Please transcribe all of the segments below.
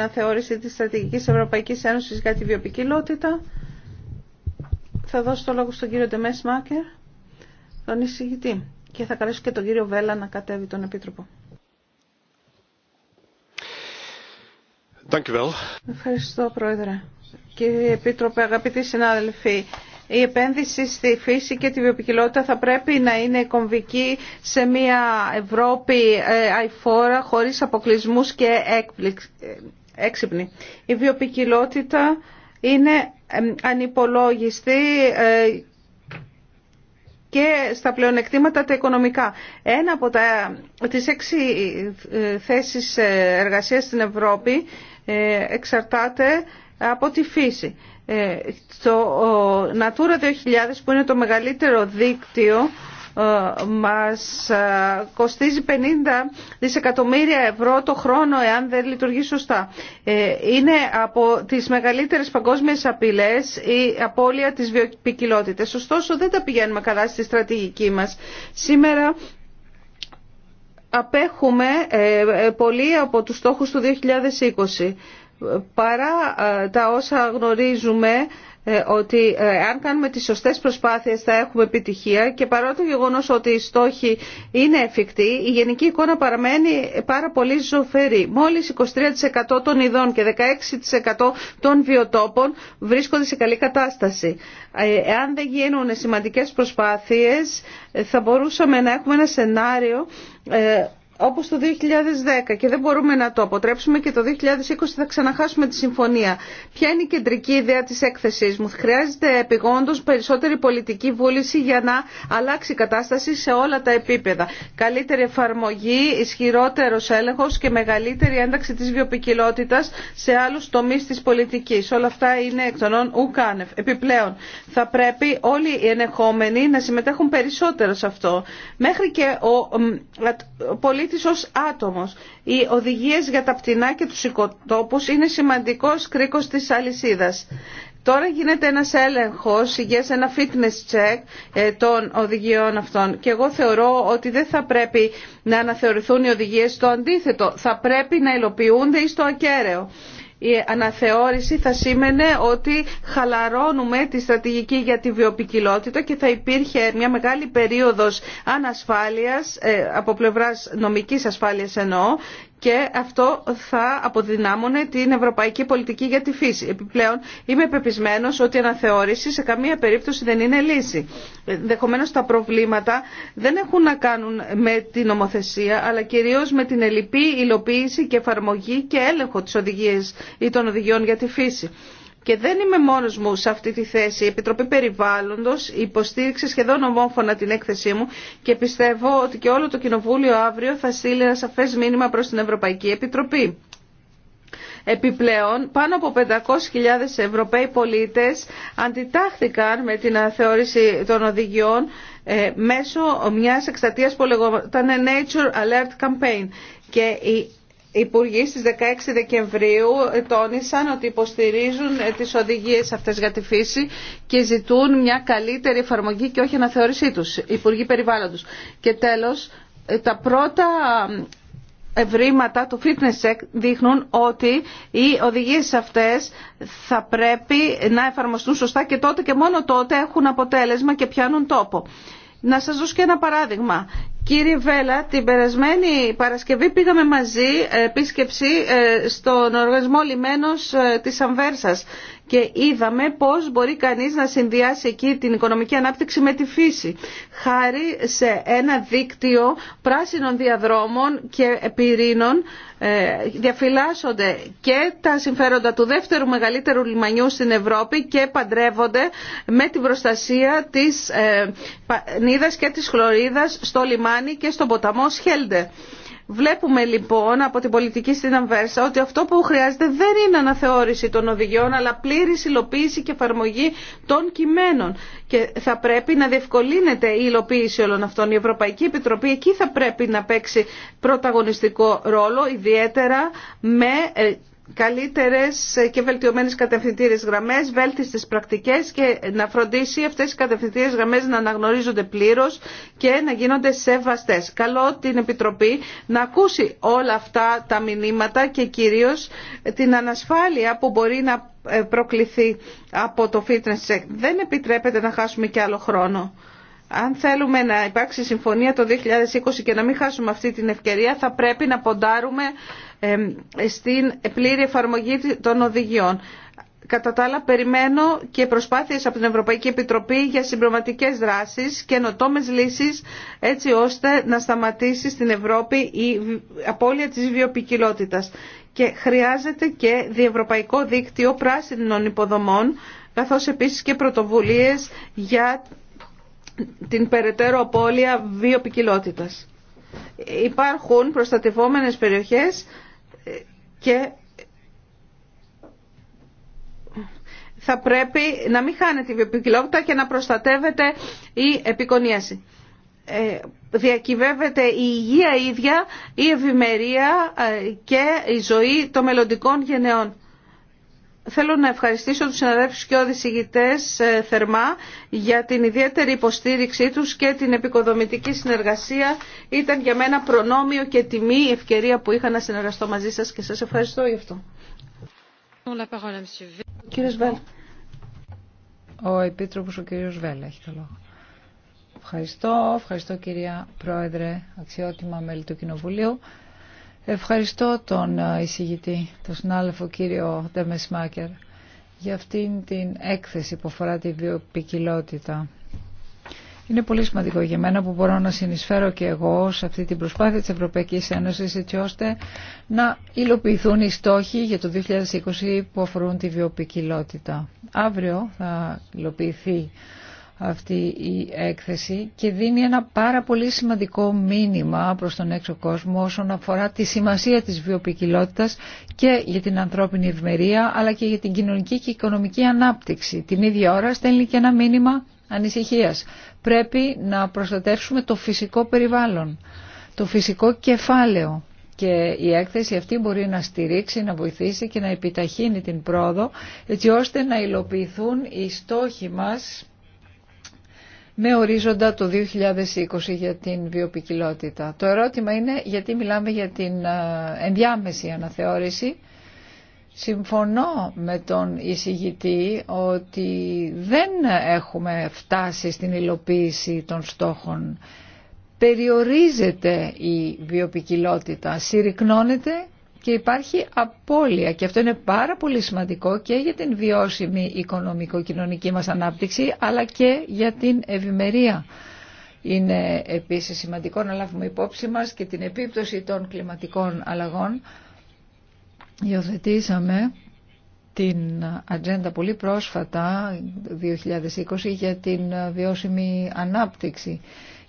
αναθεώρηση της Στρατηγικής Ευρωπαϊκής Ένωσης για τη βιοπικιλότητα. Θα δώσω το λόγο στον κύριο Ντεμές Μάκερ, τον εισηγητή. Και θα καλέσω και τον κύριο Βέλα να κατέβει τον Επίτροπο. Ευχαριστώ, Πρόεδρε. Κύριε Επίτροπε, αγαπητοί συνάδελφοι, η επένδυση στη φύση και τη βιοπικιλότητα θα πρέπει να είναι κομβική σε μια Ευρώπη ε, αϊφόρα χωρίς αποκλεισμούς και έξυπνη. Η βιοπικιλότητα είναι ανυπολόγιστη ε, και στα πλεονεκτήματα τα οικονομικά. Ένα από τα, τις έξι ε, θέσεις ε, εργασίας στην Ευρώπη εξαρτάται από τη φύση. Το Natura 2000 που είναι το μεγαλύτερο δίκτυο ε, μας ε, κοστίζει 50 δισεκατομμύρια ευρώ το χρόνο εάν δεν λειτουργεί σωστά. Ε, είναι από τις μεγαλύτερες παγκόσμιες απειλές η απώλεια της βιοποικιλότητας. Ωστόσο δεν τα πηγαίνουμε καλά στη στρατηγική μας. Σήμερα απέχουμε πολύ από τους στόχους του 2020. Παρά τα όσα γνωρίζουμε ε, ότι ε, αν κάνουμε τις σωστές προσπάθειες θα έχουμε επιτυχία και παρά το γεγονός ότι οι στόχοι είναι εφικτοί, η γενική εικόνα παραμένει πάρα πολύ ζωφερή. Μόλις 23% των ειδών και 16% των βιοτόπων βρίσκονται σε καλή κατάσταση. Ε, εάν δεν γίνουν σημαντικές προσπάθειες θα μπορούσαμε να έχουμε ένα σενάριο όπως το 2010 και δεν μπορούμε να το αποτρέψουμε και το 2020 θα ξαναχάσουμε τη συμφωνία. Ποια είναι η κεντρική ιδέα της έκθεσής μου. Χρειάζεται επιγόντως περισσότερη πολιτική βούληση για να αλλάξει η κατάσταση σε όλα τα επίπεδα. Καλύτερη εφαρμογή, ισχυρότερος έλεγχος και μεγαλύτερη ένταξη της βιοπικιλότητας σε άλλους τομείς της πολιτικής. Όλα αυτά είναι εκ των ουκάνευ. Επιπλέον, θα πρέπει όλοι οι ενεχόμενοι να συμμετέχουν περισσότερο σε αυτό. Μέχρι και ο, ο πολίτης ως άτομος. Οι οδηγίες για τα πτηνά και τους οικοτόπους είναι σημαντικός κρίκος της αλυσίδας. Τώρα γίνεται ένας έλεγχος υγιές, ένα fitness check ε, των οδηγιών αυτών και εγώ θεωρώ ότι δεν θα πρέπει να αναθεωρηθούν οι οδηγίες Το αντίθετο. Θα πρέπει να υλοποιούνται ή στο ακέραιο η αναθεώρηση θα σήμαινε ότι χαλαρώνουμε τη στρατηγική για τη βιοπικιλότητα και θα υπήρχε μια μεγάλη περίοδος ανασφάλειας ε, από πλευράς νομικής ασφάλειας εννοώ και αυτό θα αποδυνάμωνε την ευρωπαϊκή πολιτική για τη φύση. Επιπλέον, είμαι πεπισμένος ότι η αναθεώρηση σε καμία περίπτωση δεν είναι λύση. Δεχομένω τα προβλήματα δεν έχουν να κάνουν με την νομοθεσία, αλλά κυρίως με την ελληπή υλοποίηση και εφαρμογή και έλεγχο τη οδηγίας ή των οδηγιών για τη φύση. Και δεν είμαι μόνος μου σε αυτή τη θέση. Η Επιτροπή Περιβάλλοντος υποστήριξε σχεδόν ομόφωνα την έκθεσή μου και πιστεύω ότι και όλο το Κοινοβούλιο αύριο θα στείλει ένα σαφές μήνυμα προς την Ευρωπαϊκή Επιτροπή. Επιπλέον, πάνω από 500.000 Ευρωπαίοι πολίτες αντιτάχθηκαν με την αθεώρηση των οδηγιών ε, μέσω μιας εξτατείας που λεγόταν Nature Alert Campaign και η οι Υπουργοί στις 16 Δεκεμβρίου τόνισαν ότι υποστηρίζουν ε, τις οδηγίες αυτές για τη φύση και ζητούν μια καλύτερη εφαρμογή και όχι αναθεώρησή τους, Υπουργοί Περιβάλλοντος. Και τέλος, ε, τα πρώτα ευρήματα του fitness check δείχνουν ότι οι οδηγίες αυτές θα πρέπει να εφαρμοστούν σωστά και τότε και μόνο τότε έχουν αποτέλεσμα και πιάνουν τόπο. Να σας δώσω και ένα παράδειγμα. Κύριε Βέλα, την περασμένη Παρασκευή πήγαμε μαζί ε, επίσκεψη ε, στον οργανισμό λιμένος ε, της Αμβέρσας και είδαμε πώς μπορεί κανείς να συνδυάσει εκεί την οικονομική ανάπτυξη με τη φύση. Χάρη σε ένα δίκτυο πράσινων διαδρόμων και πυρήνων ε, διαφυλάσσονται και τα συμφέροντα του δεύτερου μεγαλύτερου λιμανιού στην Ευρώπη και παντρεύονται με την προστασία της ε, νίδας και της χλωρίδας στο λιμάνι και στον ποταμό Σχέλντε. Βλέπουμε λοιπόν από την πολιτική στην Αμβέρσα ότι αυτό που χρειάζεται δεν είναι αναθεώρηση των οδηγιών αλλά πλήρη υλοποίηση και εφαρμογή των κειμένων. Και θα πρέπει να διευκολύνεται η υλοποίηση όλων αυτών. Η Ευρωπαϊκή Επιτροπή εκεί θα πρέπει να παίξει πρωταγωνιστικό ρόλο ιδιαίτερα με ε, καλύτερες και βελτιωμένες κατευθυντήριες γραμμές, βέλτιστες πρακτικές και να φροντίσει αυτές οι κατευθυντήριες γραμμές να αναγνωρίζονται πλήρως και να γίνονται σεβαστές. Καλό την Επιτροπή να ακούσει όλα αυτά τα μηνύματα και κυρίως την ανασφάλεια που μπορεί να ε, προκληθεί από το fitness check. Δεν επιτρέπεται να χάσουμε και άλλο χρόνο. Αν θέλουμε να υπάρξει συμφωνία το 2020 και να μην χάσουμε αυτή την ευκαιρία θα πρέπει να ποντάρουμε στην πλήρη εφαρμογή των οδηγιών. Κατά τα άλλα, περιμένω και προσπάθειες από την Ευρωπαϊκή Επιτροπή για συμπληρωματικές δράσεις και νοτόμες λύσεις, έτσι ώστε να σταματήσει στην Ευρώπη η απώλεια της βιοπικιλότητας. Και χρειάζεται και διευρωπαϊκό δίκτυο πράσινων υποδομών, καθώς επίσης και πρωτοβουλίες για την περαιτέρω απώλεια βιοπικιλότητας. Υπάρχουν προστατευόμενες περιοχές και θα πρέπει να μην χάνεται η βιοποικιλότητα και να προστατεύεται η επικονίαση. Ε, διακυβεύεται η υγεία ίδια, η ευημερία ε, και η ζωή των μελλοντικών γενεών. Θέλω να ευχαριστήσω τους συναδέλφους και οδησηγητές ε, θερμά για την ιδιαίτερη υποστήριξή τους και την επικοδομητική συνεργασία. Ήταν για μένα προνόμιο και τιμή η ευκαιρία που είχα να συνεργαστώ μαζί σας και σας ευχαριστώ γι' αυτό. Ο κύριος Βέλ. Ο Επίτροπος ο κύριος Βέλ έχει το λόγο. Ευχαριστώ, ευχαριστώ κυρία Πρόεδρε, αξιότιμα μέλη του Κοινοβουλίου. Ευχαριστώ τον ε, εισηγητή, τον συνάδελφο κύριο Ντεμεσμάκερ, για αυτήν την έκθεση που αφορά τη βιοπικιλότητα. Είναι πολύ σημαντικό για μένα που μπορώ να συνεισφέρω και εγώ σε αυτή την προσπάθεια της Ευρωπαϊκής Ένωσης έτσι ώστε να υλοποιηθούν οι στόχοι για το 2020 που αφορούν τη βιοπικιλότητα. Αύριο θα υλοποιηθεί αυτή η έκθεση και δίνει ένα πάρα πολύ σημαντικό μήνυμα προς τον έξω κόσμο όσον αφορά τη σημασία της βιοποικιλότητας και για την ανθρώπινη ευμερία αλλά και για την κοινωνική και οικονομική ανάπτυξη. Την ίδια ώρα στέλνει και ένα μήνυμα ανησυχίας. Πρέπει να προστατεύσουμε το φυσικό περιβάλλον, το φυσικό κεφάλαιο και η έκθεση αυτή μπορεί να στηρίξει, να βοηθήσει και να επιταχύνει την πρόοδο έτσι ώστε να υλοποιηθούν οι στόχοι μας με ορίζοντα το 2020 για την βιοπικιλότητα. Το ερώτημα είναι γιατί μιλάμε για την ενδιάμεση αναθεώρηση. Συμφωνώ με τον εισηγητή ότι δεν έχουμε φτάσει στην υλοποίηση των στόχων. Περιορίζεται η βιοπικιλότητα, συρρυκνώνεται και υπάρχει απώλεια και αυτό είναι πάρα πολύ σημαντικό και για την βιώσιμη οικονομικοκοινωνική μας ανάπτυξη αλλά και για την ευημερία. Είναι επίσης σημαντικό να λάβουμε υπόψη μας και την επίπτωση των κλιματικών αλλαγών. Υιοθετήσαμε την ατζέντα πολύ πρόσφατα 2020 για την βιώσιμη ανάπτυξη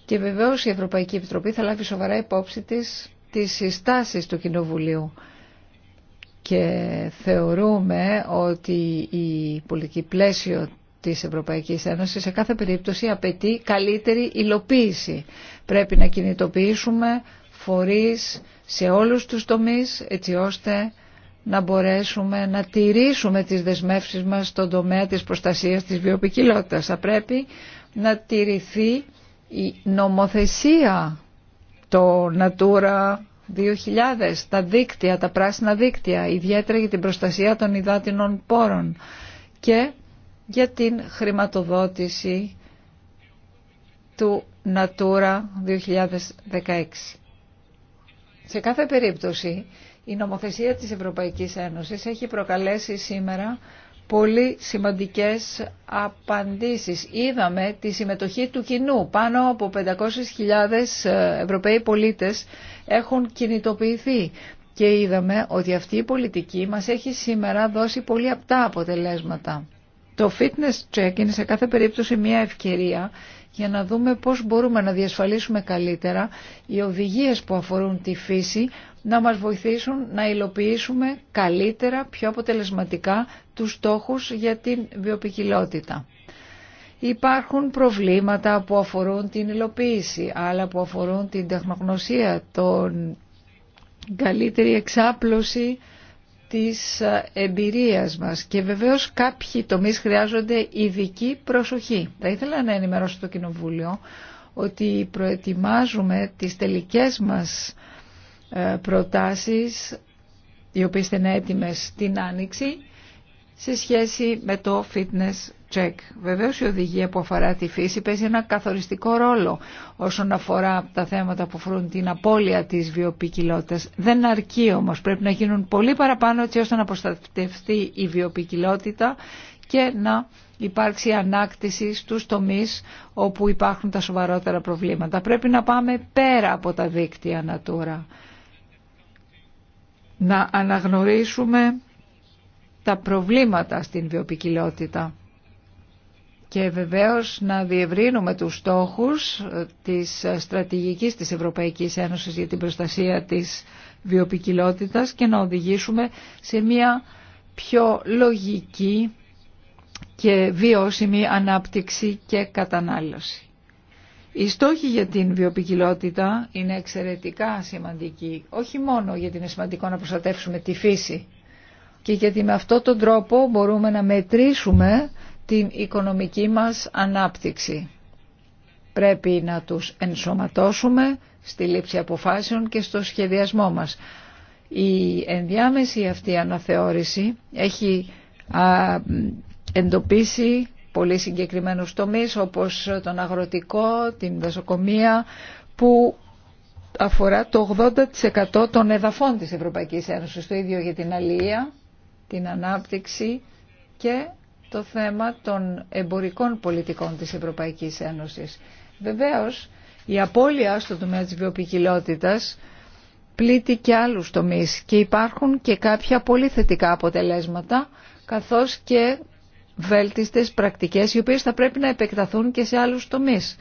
και βεβαίως η Ευρωπαϊκή Επιτροπή θα λάβει σοβαρά υπόψη της τις συστάσεις του Κοινοβουλίου και θεωρούμε ότι η πολιτική πλαίσιο της Ευρωπαϊκής Ένωσης σε κάθε περίπτωση απαιτεί καλύτερη υλοποίηση. Πρέπει να κινητοποιήσουμε φορείς σε όλους τους τομείς έτσι ώστε να μπορέσουμε να τηρήσουμε τις δεσμεύσεις μας στον τομέα της προστασίας της βιοποικιλότητας. Θα πρέπει να τηρηθεί η νομοθεσία το Natura 2000, τα δίκτυα, τα πράσινα δίκτυα, ιδιαίτερα για την προστασία των υδάτινων πόρων και για την χρηματοδότηση του Natura 2016. Σε κάθε περίπτωση, η νομοθεσία της Ευρωπαϊκής Ένωσης έχει προκαλέσει σήμερα πολύ σημαντικές απαντήσεις. Είδαμε τη συμμετοχή του κοινού. Πάνω από 500.000 ε, Ευρωπαίοι πολίτες έχουν κινητοποιηθεί. Και είδαμε ότι αυτή η πολιτική μας έχει σήμερα δώσει πολύ απτά αποτελέσματα. Το fitness check είναι σε κάθε περίπτωση μια ευκαιρία για να δούμε πώς μπορούμε να διασφαλίσουμε καλύτερα οι οδηγίες που αφορούν τη φύση να μας βοηθήσουν να υλοποιήσουμε καλύτερα, πιο αποτελεσματικά τους στόχους για την βιοπικιλότητα. Υπάρχουν προβλήματα που αφορούν την υλοποίηση, άλλα που αφορούν την τεχνογνωσία, τον καλύτερη εξάπλωση της εμπειρίας μας και βεβαίως κάποιοι τομείς χρειάζονται ειδική προσοχή. Θα ήθελα να ενημερώσω το Κοινοβούλιο ότι προετοιμάζουμε τις τελικές μας ε, προτάσεις οι οποίες είναι έτοιμες την Άνοιξη σε σχέση με το fitness check. Βεβαίως η οδηγία που αφορά τη φύση παίζει ένα καθοριστικό ρόλο όσον αφορά τα θέματα που αφορούν την απώλεια της βιοπικιλότητας. Δεν αρκεί όμως, πρέπει να γίνουν πολύ παραπάνω έτσι ώστε να προστατευτεί η βιοπικιλότητα και να υπάρξει ανάκτηση στους τομείς όπου υπάρχουν τα σοβαρότερα προβλήματα. Πρέπει να πάμε πέρα από τα δίκτυα Natura. Να αναγνωρίσουμε τα προβλήματα στην βιοπικιλότητα και βεβαίως να διευρύνουμε τους στόχους ε, της ε, στρατηγικής της Ευρωπαϊκής Ένωσης για την προστασία της βιοπικιλότητας και να οδηγήσουμε σε μια πιο λογική και βιώσιμη ανάπτυξη και κατανάλωση. Οι στόχοι για την βιοπικιλότητα είναι εξαιρετικά σημαντικοί, όχι μόνο γιατί είναι σημαντικό να προστατεύσουμε τη φύση και γιατί με αυτόν τον τρόπο μπορούμε να μετρήσουμε την οικονομική μας ανάπτυξη. Πρέπει να τους ενσωματώσουμε στη λήψη αποφάσεων και στο σχεδιασμό μας. Η ενδιάμεση αυτή αναθεώρηση έχει εντοπίσει πολύ συγκεκριμένους τομείς όπως τον αγροτικό, την δασοκομεία που αφορά το 80% των εδαφών της Ευρωπαϊκής Ένωσης. Το ίδιο για την αλληλεία, την ανάπτυξη και το θέμα των εμπορικών πολιτικών της Ευρωπαϊκής Ένωσης. Βεβαίως, η απώλεια στο τομέα της βιοποικιλότητας πλήττει και άλλους τομείς και υπάρχουν και κάποια πολύ θετικά αποτελέσματα καθώς και βέλτιστες πρακτικές οι οποίες θα πρέπει να επεκταθούν και σε άλλους τομείς.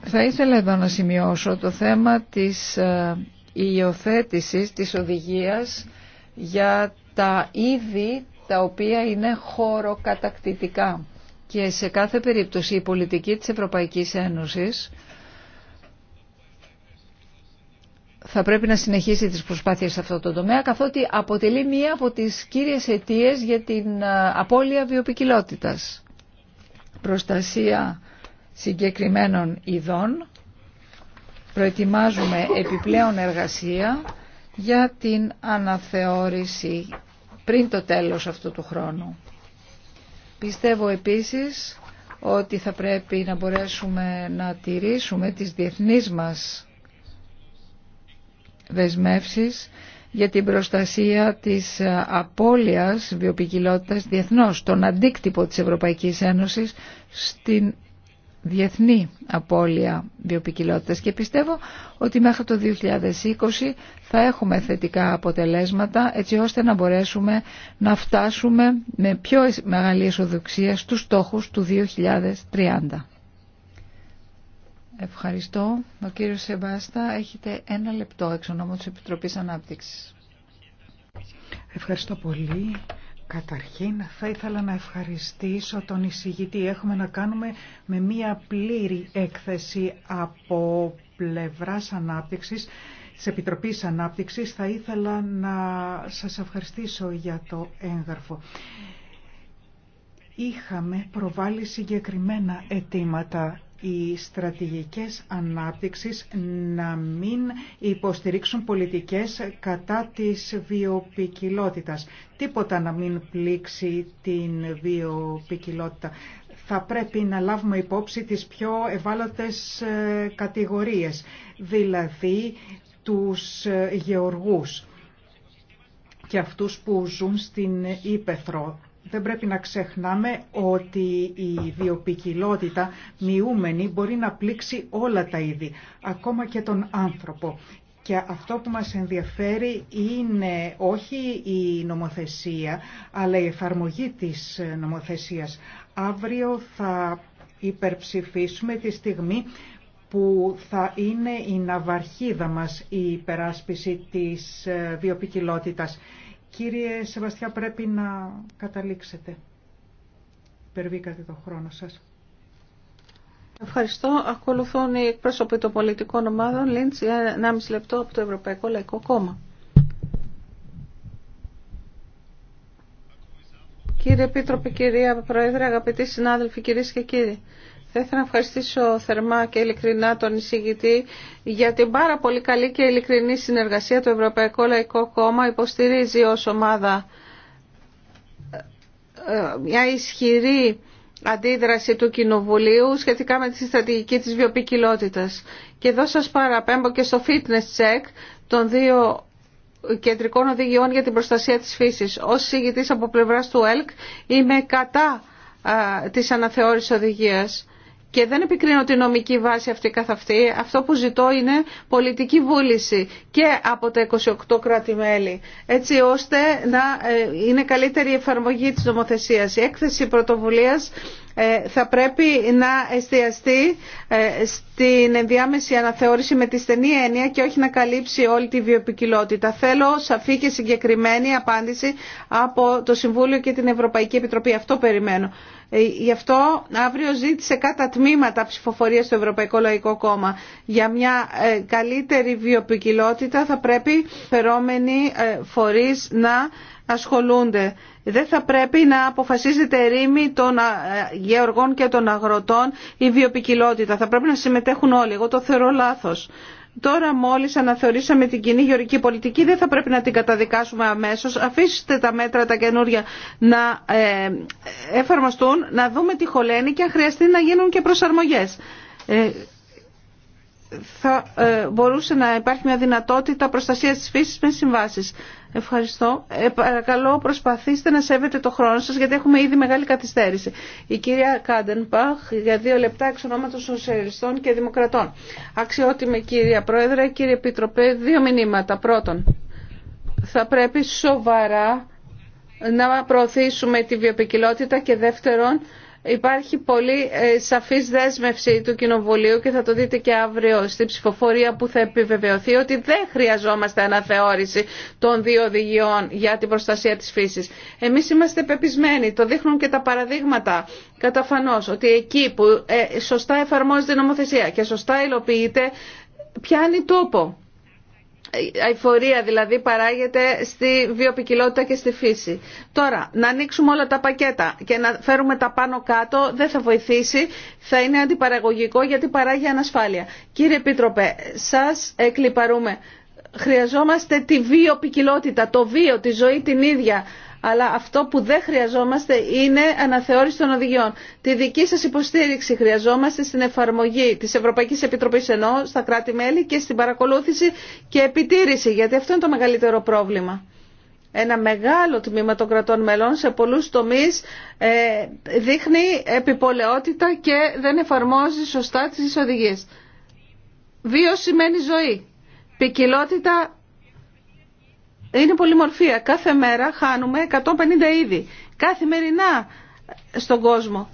Θα ήθελα εδώ να σημειώσω το θέμα της ε, υιοθέτησης της οδηγίας για τα είδη τα οποία είναι χωροκατακτητικά. Και σε κάθε περίπτωση η πολιτική της Ευρωπαϊκής Ένωσης θα πρέπει να συνεχίσει τις προσπάθειες σε αυτό το τομέα, καθότι αποτελεί μία από τις κύριες αιτίες για την απώλεια βιοπικιλότητας. Προστασία συγκεκριμένων ειδών. Προετοιμάζουμε επιπλέον εργασία για την αναθεώρηση πριν το τέλος αυτού του χρόνου. Πιστεύω επίσης ότι θα πρέπει να μπορέσουμε να τηρήσουμε τις διεθνείς μας δεσμεύσεις για την προστασία της απώλειας βιοπικιλότητας διεθνώς, τον αντίκτυπο της Ευρωπαϊκής Ένωσης στην διεθνή απώλεια βιοπικιλότητας και πιστεύω ότι μέχρι το 2020 θα έχουμε θετικά αποτελέσματα έτσι ώστε να μπορέσουμε να φτάσουμε με πιο μεγάλη αισοδοξία στους στόχους του 2030. Ευχαριστώ. Ο κύριος Σεμπάστα, έχετε ένα λεπτό εξ ονόμου της Επιτροπής Ανάπτυξης. Ευχαριστώ πολύ. Καταρχήν θα ήθελα να ευχαριστήσω τον εισηγητή. Έχουμε να κάνουμε με μία πλήρη έκθεση από πλευράς ανάπτυξης, τη Επιτροπής Ανάπτυξης. Θα ήθελα να σας ευχαριστήσω για το έγγραφο. Είχαμε προβάλει συγκεκριμένα αιτήματα οι στρατηγικές ανάπτυξης να μην υποστηρίξουν πολιτικές κατά της βιοπικιλότητας. Τίποτα να μην πλήξει την βιοπικιλότητα. Θα πρέπει να λάβουμε υπόψη τις πιο ευάλωτες ε, κατηγορίες, δηλαδή τους ε, γεωργούς και αυτούς που ζουν στην Ήπεθρο δεν πρέπει να ξεχνάμε ότι η βιοπικιλότητα μειούμενη μπορεί να πλήξει όλα τα είδη, ακόμα και τον άνθρωπο. Και αυτό που μας ενδιαφέρει είναι όχι η νομοθεσία, αλλά η εφαρμογή της νομοθεσίας. Αύριο θα υπερψηφίσουμε τη στιγμή που θα είναι η ναυαρχίδα μας η υπεράσπιση της ε, βιοπικιλότητας. Κύριε Σεβαστιά, πρέπει να καταλήξετε. Υπερβήκατε το χρόνο σας. Ευχαριστώ. Ακολουθούν οι εκπρόσωποι των πολιτικών ομάδων. Λίντς, 1,5 λεπτό από το Ευρωπαϊκό Λαϊκό Κόμμα. Κύριε Επίτροπε, κυρία Πρόεδρε, αγαπητοί συνάδελφοι, κυρίες και κύριοι. Θα ήθελα να ευχαριστήσω θερμά και ειλικρινά τον εισηγητή για την πάρα πολύ καλή και ειλικρινή συνεργασία το Ευρωπαϊκό Λαϊκό Κόμμα υποστηρίζει ως ομάδα ε, μια ισχυρή αντίδραση του Κοινοβουλίου σχετικά με τη στρατηγική της βιοπικιλότητας. Και εδώ σας παραπέμπω και στο fitness check των δύο κεντρικών οδηγιών για την προστασία της φύσης. Ως συγητής από πλευράς του ΕΛΚ είμαι κατά α, ε, της αναθεώρησης οδηγίας. Και δεν επικρίνω τη νομική βάση αυτή καθ' αυτή. Αυτό που ζητώ είναι πολιτική βούληση και από τα 28 κράτη-μέλη, έτσι ώστε να ε, είναι καλύτερη η εφαρμογή της νομοθεσίας. Η έκθεση πρωτοβουλίας ε, θα πρέπει να εστιαστεί ε, στην ενδιάμεση αναθεώρηση με τη στενή έννοια και όχι να καλύψει όλη τη βιοπικιλότητα. Θέλω σαφή και συγκεκριμένη απάντηση από το Συμβούλιο και την Ευρωπαϊκή Επιτροπή. Αυτό περιμένω. Ε, γι' αυτό αύριο ζήτησε κατά τμήματα ψηφοφορία στο Ευρωπαϊκό Λαϊκό Κόμμα. Για μια καλύτερη βιοπικιλότητα θα πρέπει φερόμενοι φορείς να ασχολούνται. Δεν θα πρέπει να αποφασίζεται ρήμη των ε, γεωργών και των αγροτών η βιοπικιλότητα. Θα πρέπει να συμμετέχουν όλοι. Εγώ το θεωρώ λάθος. Τώρα μόλις αναθεωρήσαμε την κοινή γεωργική πολιτική δεν θα πρέπει να την καταδικάσουμε αμέσως. Αφήστε τα μέτρα τα καινούρια να ε, εφαρμοστούν, να δούμε τι χωλαίνει και αν χρειαστεί να γίνουν και προσαρμογές. Ε, θα ε, μπορούσε να υπάρχει μια δυνατότητα προστασίας της φύσης με συμβάσεις. Ευχαριστώ. Ε, παρακαλώ προσπαθήστε να σέβετε το χρόνο σας γιατί έχουμε ήδη μεγάλη καθυστέρηση. Η κυρία Κάντενπαχ για δύο λεπτά εξ ονόματος Σοσιαλιστών και Δημοκρατών. Αξιότιμη κυρία Πρόεδρε, κύριε Επιτροπέ, δύο μηνύματα. Πρώτον, θα πρέπει σοβαρά να προωθήσουμε τη βιοπικιλότητα και δεύτερον, Υπάρχει πολύ ε, σαφής δέσμευση του Κοινοβουλίου και θα το δείτε και αύριο στη ψηφοφορία που θα επιβεβαιωθεί ότι δεν χρειαζόμαστε αναθεώρηση των δύο οδηγιών για την προστασία της φύσης. Εμείς είμαστε πεπισμένοι, το δείχνουν και τα παραδείγματα καταφανώς, ότι εκεί που ε, σωστά εφαρμόζεται η νομοθεσία και σωστά υλοποιείται πιάνει τόπο. Η ε, αηφορία δηλαδή παράγεται στη βιοπικιλότητα και στη φύση. Τώρα, να ανοίξουμε όλα τα πακέτα και να φέρουμε τα πάνω κάτω δεν θα βοηθήσει, θα είναι αντιπαραγωγικό γιατί παράγει ανασφάλεια. Κύριε Επίτροπε, σας εκλυπαρούμε. Χρειαζόμαστε τη βιοπικιλότητα, το βίο, τη ζωή την ίδια αλλά αυτό που δεν χρειαζόμαστε είναι αναθεώρηση των οδηγιών. Τη δική σας υποστήριξη χρειαζόμαστε στην εφαρμογή της Ευρωπαϊκής Επιτροπής ενώ στα κράτη-μέλη και στην παρακολούθηση και επιτήρηση, γιατί αυτό είναι το μεγαλύτερο πρόβλημα. Ένα μεγάλο τμήμα των κρατών μελών σε πολλούς τομείς ε, δείχνει επιπολαιότητα και δεν εφαρμόζει σωστά τις οδηγίες. Βίωση σημαίνει ζωή. Ποικιλότητα είναι πολυμορφία. Κάθε μέρα χάνουμε 150 είδη. Καθημερινά στον κόσμο.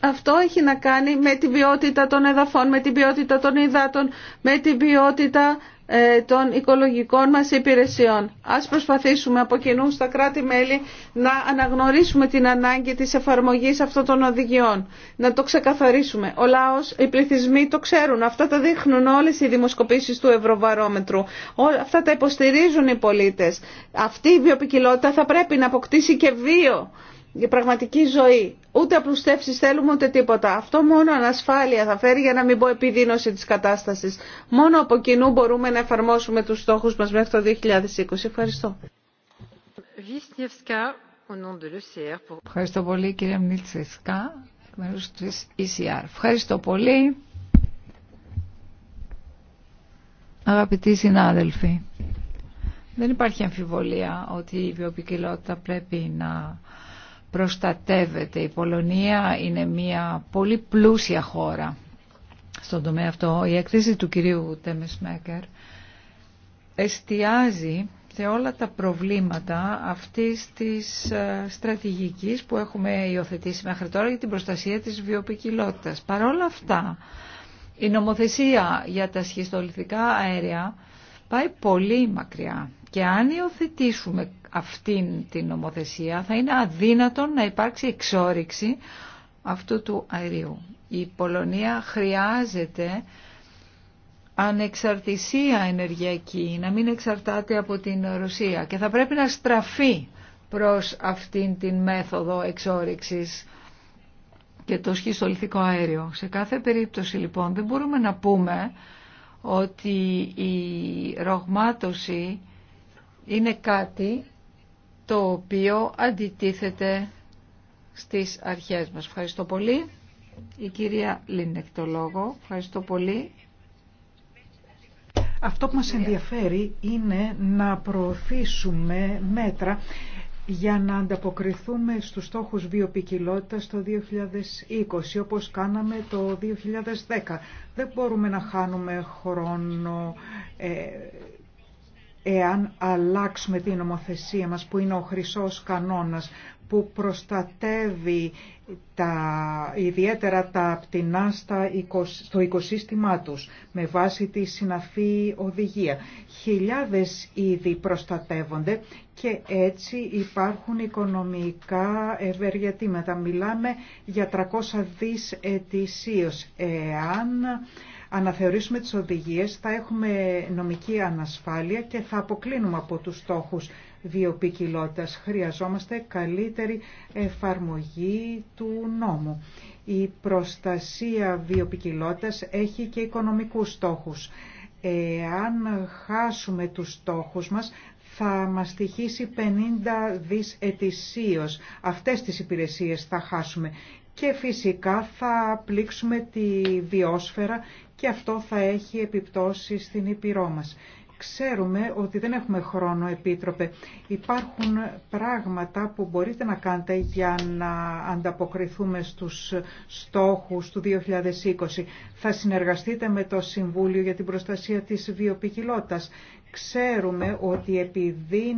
Αυτό έχει να κάνει με την ποιότητα των εδαφών, με την ποιότητα των υδάτων, με την ποιότητα ε, των οικολογικών μας υπηρεσιών. Ας προσπαθήσουμε από κοινού στα κράτη-μέλη να αναγνωρίσουμε την ανάγκη της εφαρμογής αυτών των οδηγιών. Να το ξεκαθαρίσουμε. Ο λαός, οι πληθυσμοί το ξέρουν. Αυτά τα δείχνουν όλες οι δημοσκοπήσεις του Ευρωβαρόμετρου. Όλα αυτά τα υποστηρίζουν οι πολίτες. Αυτή η βιοπικιλότητα θα πρέπει να αποκτήσει και βίο για πραγματική ζωή. Ούτε απλουστεύσει θέλουμε ούτε τίποτα. Αυτό μόνο ανασφάλεια θα φέρει για να μην πω επιδείνωση της κατάστασης. Μόνο από κοινού μπορούμε να εφαρμόσουμε τους στόχου μας μέχρι το 2020. Ευχαριστώ. Ευχαριστώ πολύ κύριε Μνίτσεσκα, μέρο τη ECR. Ευχαριστώ πολύ. Αγαπητοί συνάδελφοι, δεν υπάρχει αμφιβολία ότι η βιοποικιλότητα πρέπει να προστατεύεται. Η Πολωνία είναι μια πολύ πλούσια χώρα στον τομέα αυτό. Η έκθεση του κυρίου Μέκερ εστιάζει σε όλα τα προβλήματα αυτής της ε, στρατηγικής που έχουμε υιοθετήσει μέχρι τώρα για την προστασία της βιοποικιλότητας. Παρ' όλα αυτά, η νομοθεσία για τα σχιστολιθικά αέρια πάει πολύ μακριά και αν υιοθετήσουμε αυτήν την νομοθεσία θα είναι αδύνατον να υπάρξει εξόριξη αυτού του αερίου. Η Πολωνία χρειάζεται ανεξαρτησία ενεργειακή, να μην εξαρτάται από την Ρωσία και θα πρέπει να στραφεί προς αυτήν την μέθοδο εξόριξης και το σχιστολιθικό αέριο. Σε κάθε περίπτωση λοιπόν δεν μπορούμε να πούμε ότι η ρογμάτωση είναι κάτι το οποίο αντιτίθεται στις αρχές μας. Ευχαριστώ πολύ. Η κυρία Λίνεκ το λόγο. Ευχαριστώ πολύ. Αυτό που μας ενδιαφέρει είναι να προωθήσουμε μέτρα για να ανταποκριθούμε στους στόχους βιοπικιλότητας το 2020, όπως κάναμε το 2010. Δεν μπορούμε να χάνουμε χρόνο ε, εάν αλλάξουμε την νομοθεσία μας που είναι ο χρυσός κανόνας που προστατεύει τα, ιδιαίτερα τα πτηνά στο οικοσύστημά τους με βάση τη συναφή οδηγία. Χιλιάδες ήδη προστατεύονται και έτσι υπάρχουν οικονομικά ευεργετήματα. Μιλάμε για 300 δις ετησίως. Εάν αναθεωρήσουμε τις οδηγίες θα έχουμε νομική ανασφάλεια και θα αποκλίνουμε από τους στόχους βιοπικιλότητας. Χρειαζόμαστε καλύτερη εφαρμογή του νόμου. Η προστασία βιοπικιλότητας έχει και οικονομικούς στόχους. Εάν χάσουμε τους στόχους μας, θα μας στοιχήσει 50 δις ετησίως. Αυτές τις υπηρεσίες θα χάσουμε. Και φυσικά θα πλήξουμε τη βιόσφαιρα και αυτό θα έχει επιπτώσει στην Ήπειρό μας. Ξέρουμε ότι δεν έχουμε χρόνο, Επίτροπε. Υπάρχουν πράγματα που μπορείτε να κάνετε για να ανταποκριθούμε στους στόχους του 2020. Θα συνεργαστείτε με το Συμβούλιο για την Προστασία της Βιοπικιλότητας. Ξέρουμε ότι επειδή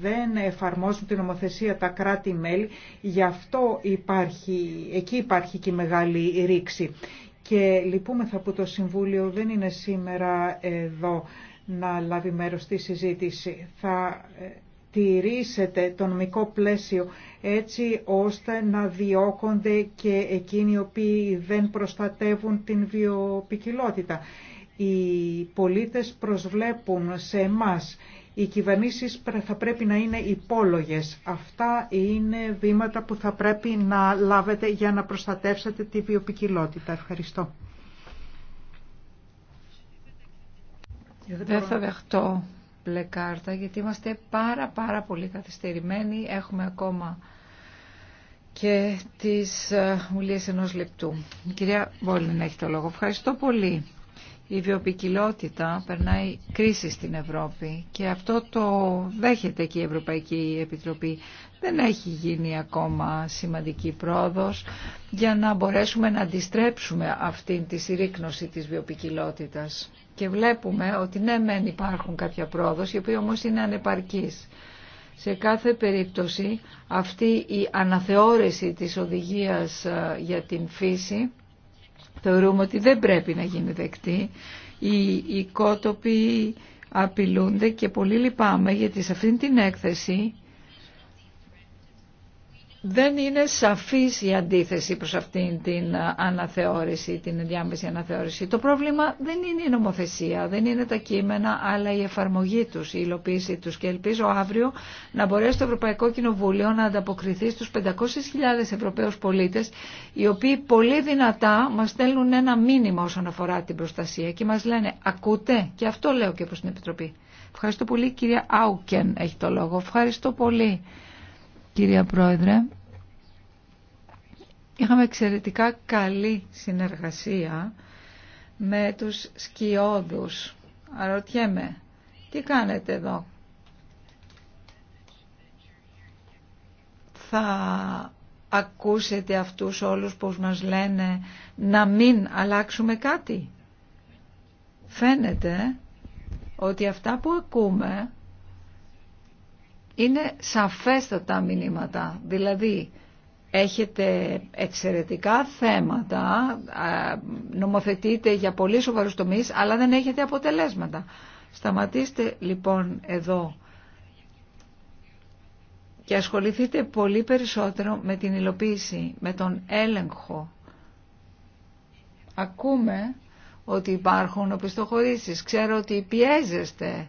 δεν εφαρμόζουν την ομοθέσια τα κράτη-μέλη, γι' αυτό υπάρχει, εκεί υπάρχει και μεγάλη ρήξη και λυπούμεθα που το Συμβούλιο δεν είναι σήμερα εδώ να λάβει μέρος στη συζήτηση. Θα ε, τηρήσετε το νομικό πλαίσιο έτσι ώστε να διώκονται και εκείνοι οι οποίοι δεν προστατεύουν την βιοπικιλότητα. Οι πολίτες προσβλέπουν σε εμάς οι κυβερνήσεις θα πρέπει να είναι υπόλογες. Αυτά είναι βήματα που θα πρέπει να λάβετε για να προστατεύσετε τη βιοπικιλότητα. Ευχαριστώ. Δεν θα δεχτώ μπλε κάρτα γιατί είμαστε πάρα πάρα πολύ καθυστερημένοι. Έχουμε ακόμα και τις ε, ουλίες ενός λεπτού. Η κυρία Μπόλιν έχει το λόγο. Ευχαριστώ πολύ η βιοπικιλότητα περνάει κρίση στην Ευρώπη και αυτό το δέχεται και η Ευρωπαϊκή Επιτροπή. Δεν έχει γίνει ακόμα σημαντική πρόοδος για να μπορέσουμε να αντιστρέψουμε αυτή τη συρρήκνωση της βιοπικιλότητας. Και βλέπουμε ότι ναι μεν υπάρχουν κάποια πρόοδος, η οποία όμως είναι ανεπαρκής. Σε κάθε περίπτωση αυτή η αναθεώρηση της οδηγίας ε, για την φύση θεωρούμε ότι δεν πρέπει να γίνει δεκτή. Οι κότοποι απειλούνται και πολύ λυπάμαι γιατί σε αυτήν την έκθεση δεν είναι σαφής η αντίθεση προς αυτήν την αναθεώρηση, την ενδιάμεση αναθεώρηση. Το πρόβλημα δεν είναι η νομοθεσία, δεν είναι τα κείμενα, αλλά η εφαρμογή τους, η υλοποίησή τους. Και ελπίζω αύριο να μπορέσει το Ευρωπαϊκό Κοινοβούλιο να ανταποκριθεί στους 500.000 Ευρωπαίους πολίτες, οι οποίοι πολύ δυνατά μας στέλνουν ένα μήνυμα όσον αφορά την προστασία και μας λένε «Ακούτε» και αυτό λέω και προς την Επιτροπή. Ευχαριστώ πολύ κυρία Άουκεν έχει το λόγο. Ευχαριστώ πολύ κυρία Πρόεδρε. Είχαμε εξαιρετικά καλή συνεργασία με τους σκιόδους. Αρωτιέμαι, τι κάνετε εδώ. Θα ακούσετε αυτούς όλους που μας λένε να μην αλλάξουμε κάτι. Φαίνεται ότι αυτά που ακούμε είναι σαφέστατα μηνύματα. Δηλαδή, έχετε εξαιρετικά θέματα, νομοθετείτε για πολύ σοβαρούς τομείς, αλλά δεν έχετε αποτελέσματα. Σταματήστε λοιπόν εδώ και ασχοληθείτε πολύ περισσότερο με την υλοποίηση, με τον έλεγχο. Ακούμε ότι υπάρχουν οπισθοχωρήσεις. Ξέρω ότι πιέζεστε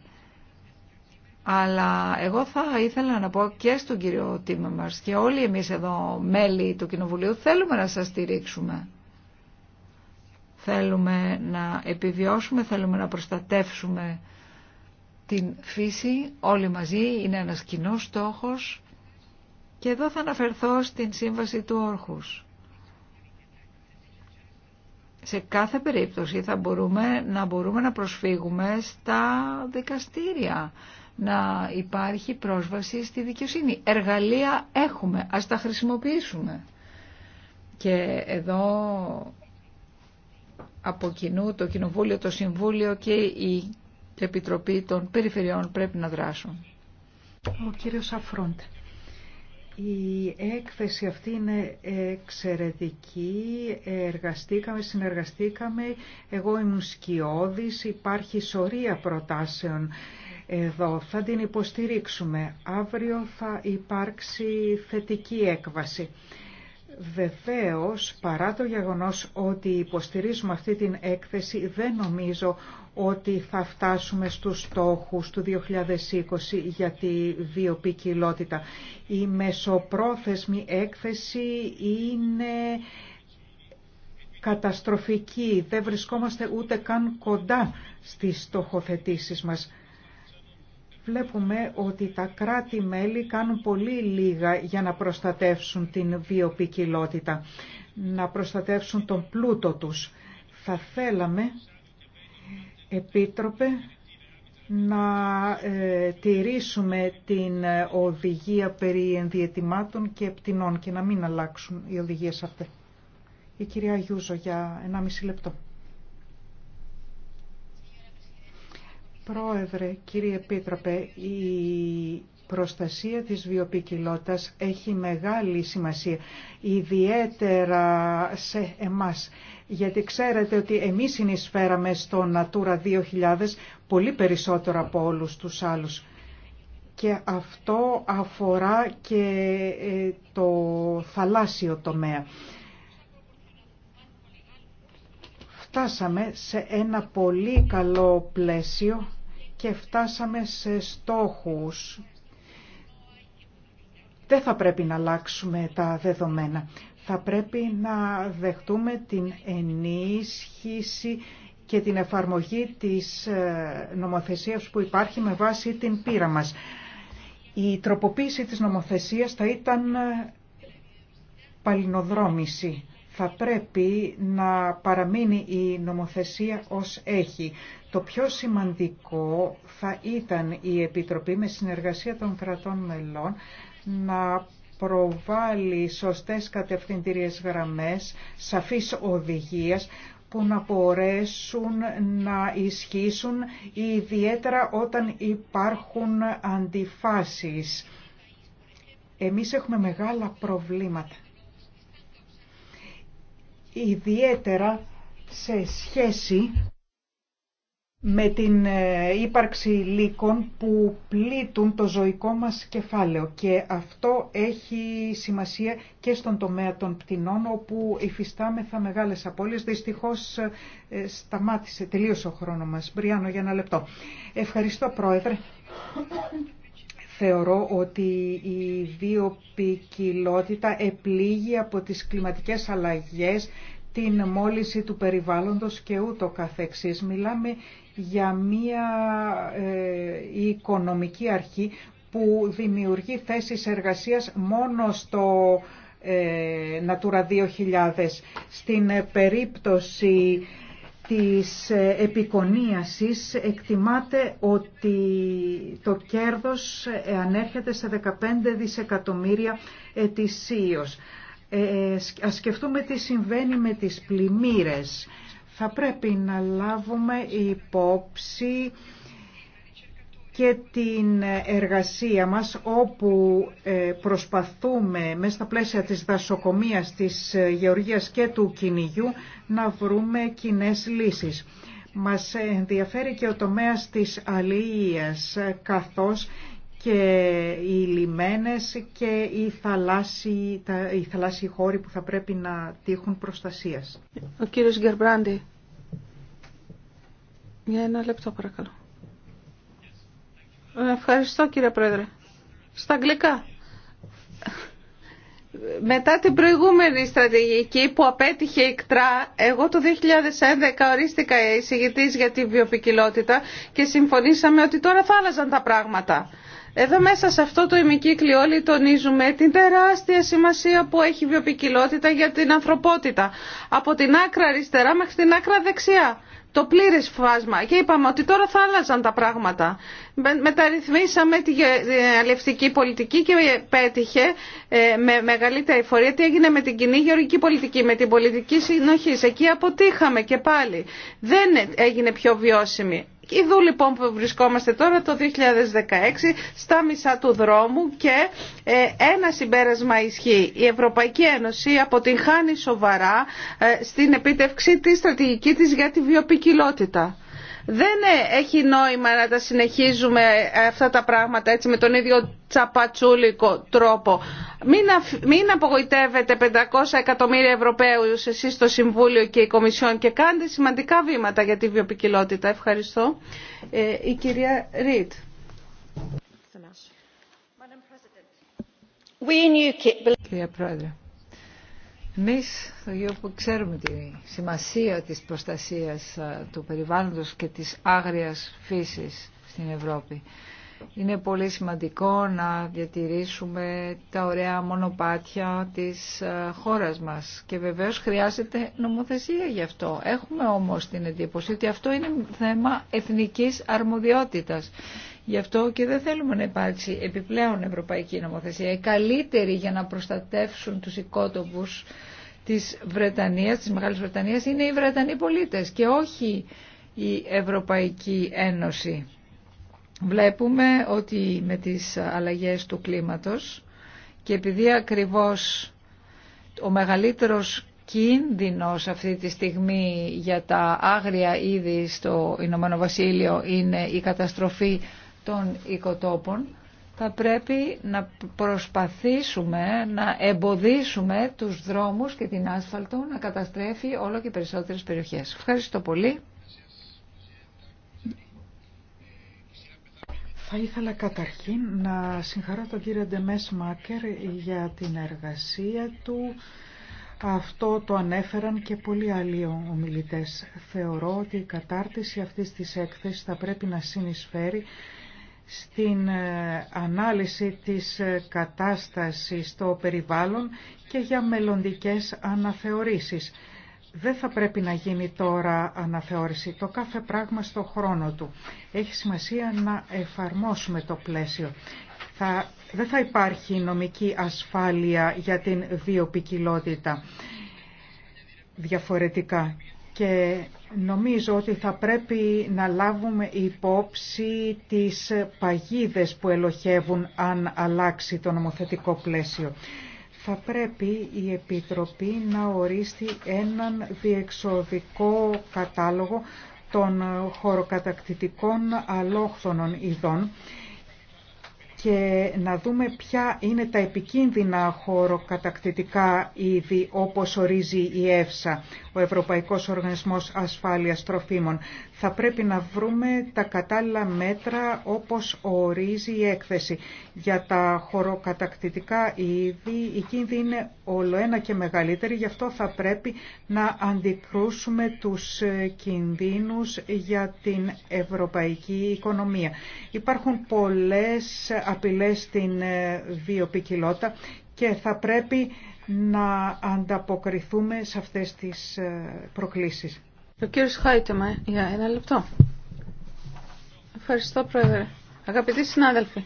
αλλά εγώ θα ήθελα να πω και στον κύριο μας και όλοι εμείς εδώ μέλη του Κοινοβουλίου θέλουμε να σας στηρίξουμε. Θέλουμε να επιβιώσουμε, θέλουμε να προστατεύσουμε την φύση όλοι μαζί. Είναι ένας κοινό στόχος και εδώ θα αναφερθώ στην σύμβαση του όρχους. Σε κάθε περίπτωση θα μπορούμε να μπορούμε να προσφύγουμε στα δικαστήρια να υπάρχει πρόσβαση στη δικαιοσύνη. Εργαλεία έχουμε, ας τα χρησιμοποιήσουμε. Και εδώ από κοινού το Κοινοβούλιο, το Συμβούλιο και η Επιτροπή των Περιφερειών πρέπει να δράσουν. Ο κύριος Αφρόντε. Η έκθεση αυτή είναι εξαιρετική, εργαστήκαμε, συνεργαστήκαμε, εγώ ήμουν σκιώδης, υπάρχει σωρία προτάσεων εδώ. Θα την υποστηρίξουμε. Αύριο θα υπάρξει θετική έκβαση. Βεβαίως, παρά το γεγονός ότι υποστηρίζουμε αυτή την έκθεση, δεν νομίζω ότι θα φτάσουμε στους στόχους του 2020 για τη βιοπικιλότητα. Η μεσοπρόθεσμη έκθεση είναι καταστροφική. Δεν βρισκόμαστε ούτε καν κοντά στις στοχοθετήσεις μας βλέπουμε ότι τα κράτη-μέλη κάνουν πολύ λίγα για να προστατεύσουν την βιοπικιλότητα, να προστατεύσουν τον πλούτο τους. Θα θέλαμε, Επίτροπε, να ε, τηρήσουμε την οδηγία περί ενδιαιτημάτων και πτηνών και να μην αλλάξουν οι οδηγίες αυτές. Η κυρία Γιούζο για 1,5 λεπτό. Πρόεδρε, κύριε Επίτροπε, η προστασία της βιοπικιλότητας έχει μεγάλη σημασία, ιδιαίτερα σε εμάς. Γιατί ξέρετε ότι εμείς συνεισφέραμε στο Natura 2000 πολύ περισσότερο από όλους τους άλλους. Και αυτό αφορά και ε, το θαλάσσιο τομέα. Φτάσαμε σε ένα πολύ καλό πλαίσιο και φτάσαμε σε στόχους. Δεν θα πρέπει να αλλάξουμε τα δεδομένα. Θα πρέπει να δεχτούμε την ενίσχυση και την εφαρμογή της ε, νομοθεσίας που υπάρχει με βάση την πείρα μας. Η τροποποίηση της νομοθεσίας θα ήταν ε, παλινοδρόμηση θα πρέπει να παραμείνει η νομοθεσία ως έχει. Το πιο σημαντικό θα ήταν η Επιτροπή με συνεργασία των κρατών μελών να προβάλλει σωστές κατευθυντήριες γραμμές, σαφής οδηγίας, που να μπορέσουν να ισχύσουν ιδιαίτερα όταν υπάρχουν αντιφάσεις. Εμείς έχουμε μεγάλα προβλήματα ιδιαίτερα σε σχέση με την ε, ύπαρξη λύκων που πλήττουν το ζωικό μας κεφάλαιο και αυτό έχει σημασία και στον τομέα των πτηνών όπου υφιστάμεθα μεγάλες απώλειες. Δυστυχώς ε, σταμάτησε, τελείωσε ο χρόνο μας. Μπριάνο για ένα λεπτό. Ευχαριστώ Πρόεδρε. Θεωρώ ότι η βιοπικιλότητα επλήγει από τις κλιματικές αλλαγές, την μόλυνση του περιβάλλοντος και ούτω καθεξής. Μιλάμε για μία ε, οικονομική αρχή που δημιουργεί θέσεις εργασίας μόνο στο ε, Natura 2000. Στην περίπτωση της ε, επικονίασης εκτιμάται ότι το κέρδος ε, ανέρχεται σε 15 δισεκατομμύρια ετησίως. Ε, ε ας σκεφτούμε τι συμβαίνει με τις πλημμύρες. Θα πρέπει να λάβουμε υπόψη και την εργασία μας όπου ε, προσπαθούμε μέσα στα πλαίσια της δασοκομείας, της ε, γεωργίας και του κυνηγιού να βρούμε κοινέ λύσεις. Μας ενδιαφέρει και ο τομέας της αλληλείας καθώς και οι λιμένες και οι θαλάσσιοι, τα, οι χώροι που θα πρέπει να τύχουν προστασίας. Ο κύριος Γκερμπράντη. Για ένα λεπτό παρακαλώ. Ευχαριστώ κύριε Πρόεδρε. Στα αγγλικά. Μετά την προηγούμενη στρατηγική που απέτυχε η ΚΤΡΑ, εγώ το 2011 ορίστηκα εισηγητής για τη βιοπικιλότητα και συμφωνήσαμε ότι τώρα θα άλλαζαν τα πράγματα. Εδώ μέσα σε αυτό το ημικύκλιο όλοι τονίζουμε την τεράστια σημασία που έχει η βιοπικιλότητα για την ανθρωπότητα. Από την άκρα αριστερά μέχρι την άκρα δεξιά το πλήρες φάσμα. Και είπαμε ότι τώρα θα άλλαζαν τα πράγματα. Μεταρρυθμίσαμε τη ε, αλευτική πολιτική και πέτυχε ε, με μεγαλύτερη εφορία τι έγινε με την κοινή γεωργική πολιτική, με την πολιτική συνοχή. Εκεί αποτύχαμε και πάλι. Δεν έγινε πιο βιώσιμη. Εδώ λοιπόν που βρισκόμαστε τώρα το 2016 στα μισά του δρόμου και ε, ένα συμπέρασμα ισχύει. Η Ευρωπαϊκή Ένωση αποτυγχάνει σοβαρά ε, στην επίτευξη της στρατηγική της για τη βιοπικιλότητα. Δεν ε, έχει νόημα να τα συνεχίζουμε ε, αυτά τα πράγματα έτσι με τον ίδιο τσαπατσούλικο τρόπο. Μην, Μην απογοητεύετε 500 εκατομμύρια Ευρωπαίους εσείς στο Συμβούλιο και η Κομισιόν και κάντε σημαντικά βήματα για τη βιοπικιλότητα. Ευχαριστώ. Ε, η κυρία Ρίτ. Εμείς, το που ξέρουμε τη σημασία της προστασίας ε, του περιβάλλοντος και της άγριας φύσης στην Ευρώπη, είναι πολύ σημαντικό να διατηρήσουμε τα ωραία μονοπάτια της ε, χώρας μας και βεβαίως χρειάζεται νομοθεσία γι' αυτό. Έχουμε όμως την εντύπωση ότι αυτό είναι θέμα εθνικής αρμοδιότητας. Γι' αυτό και δεν θέλουμε να υπάρξει επιπλέον ευρωπαϊκή νομοθεσία. Οι καλύτεροι για να προστατεύσουν τους οικότοπους της Βρετανίας, της Μεγάλης Βρετανίας, είναι οι Βρετανοί πολίτες και όχι η Ευρωπαϊκή Ένωση βλέπουμε ότι με τις αλλαγές του κλίματος και επειδή ακριβώς ο μεγαλύτερος κίνδυνος αυτή τη στιγμή για τα άγρια είδη στο Ηνωμένο Βασίλειο είναι η καταστροφή των οικοτόπων, θα πρέπει να προσπαθήσουμε να εμποδίσουμε τους δρόμους και την άσφαλτο να καταστρέφει όλο και περισσότερες περιοχές. Ευχαριστώ πολύ. Θα ήθελα καταρχήν να συγχαρώ τον κύριο Ντεμές Μάκερ για την εργασία του. Αυτό το ανέφεραν και πολλοί άλλοι ομιλητές. Θεωρώ ότι η κατάρτιση αυτής της έκθεσης θα πρέπει να συνεισφέρει στην ε, ανάλυση της ε, κατάστασης στο περιβάλλον και για μελλοντικές αναθεωρήσεις. Δεν θα πρέπει να γίνει τώρα αναθεώρηση. Το κάθε πράγμα στο χρόνο του. Έχει σημασία να εφαρμόσουμε το πλαίσιο. Θα, δεν θα υπάρχει νομική ασφάλεια για την βιοπικιλότητα διαφορετικά. Και νομίζω ότι θα πρέπει να λάβουμε υπόψη τις παγίδες που ελοχεύουν αν αλλάξει το νομοθετικό πλαίσιο θα πρέπει η Επιτροπή να ορίσει έναν διεξοδικό κατάλογο των χωροκατακτητικών αλόχθονων ειδών και να δούμε ποια είναι τα επικίνδυνα χωροκατακτητικά είδη όπως ορίζει η ΕΦΣΑ, ο Ευρωπαϊκός Οργανισμός Ασφάλειας Τροφίμων θα πρέπει να βρούμε τα κατάλληλα μέτρα όπως ορίζει η έκθεση. Για τα χωροκατακτητικά είδη η κίνδυνη είναι όλο ένα και μεγαλύτερη, γι' αυτό θα πρέπει να αντικρούσουμε τους κινδύνους για την ευρωπαϊκή οικονομία. Υπάρχουν πολλές απειλές στην ε, βιοπικιλότητα και θα πρέπει να ανταποκριθούμε σε αυτές τις ε, προκλήσεις. Ο κύριος Χάιτεμα, για ένα λεπτό. Ευχαριστώ, Πρόεδρε. Αγαπητοί συνάδελφοι.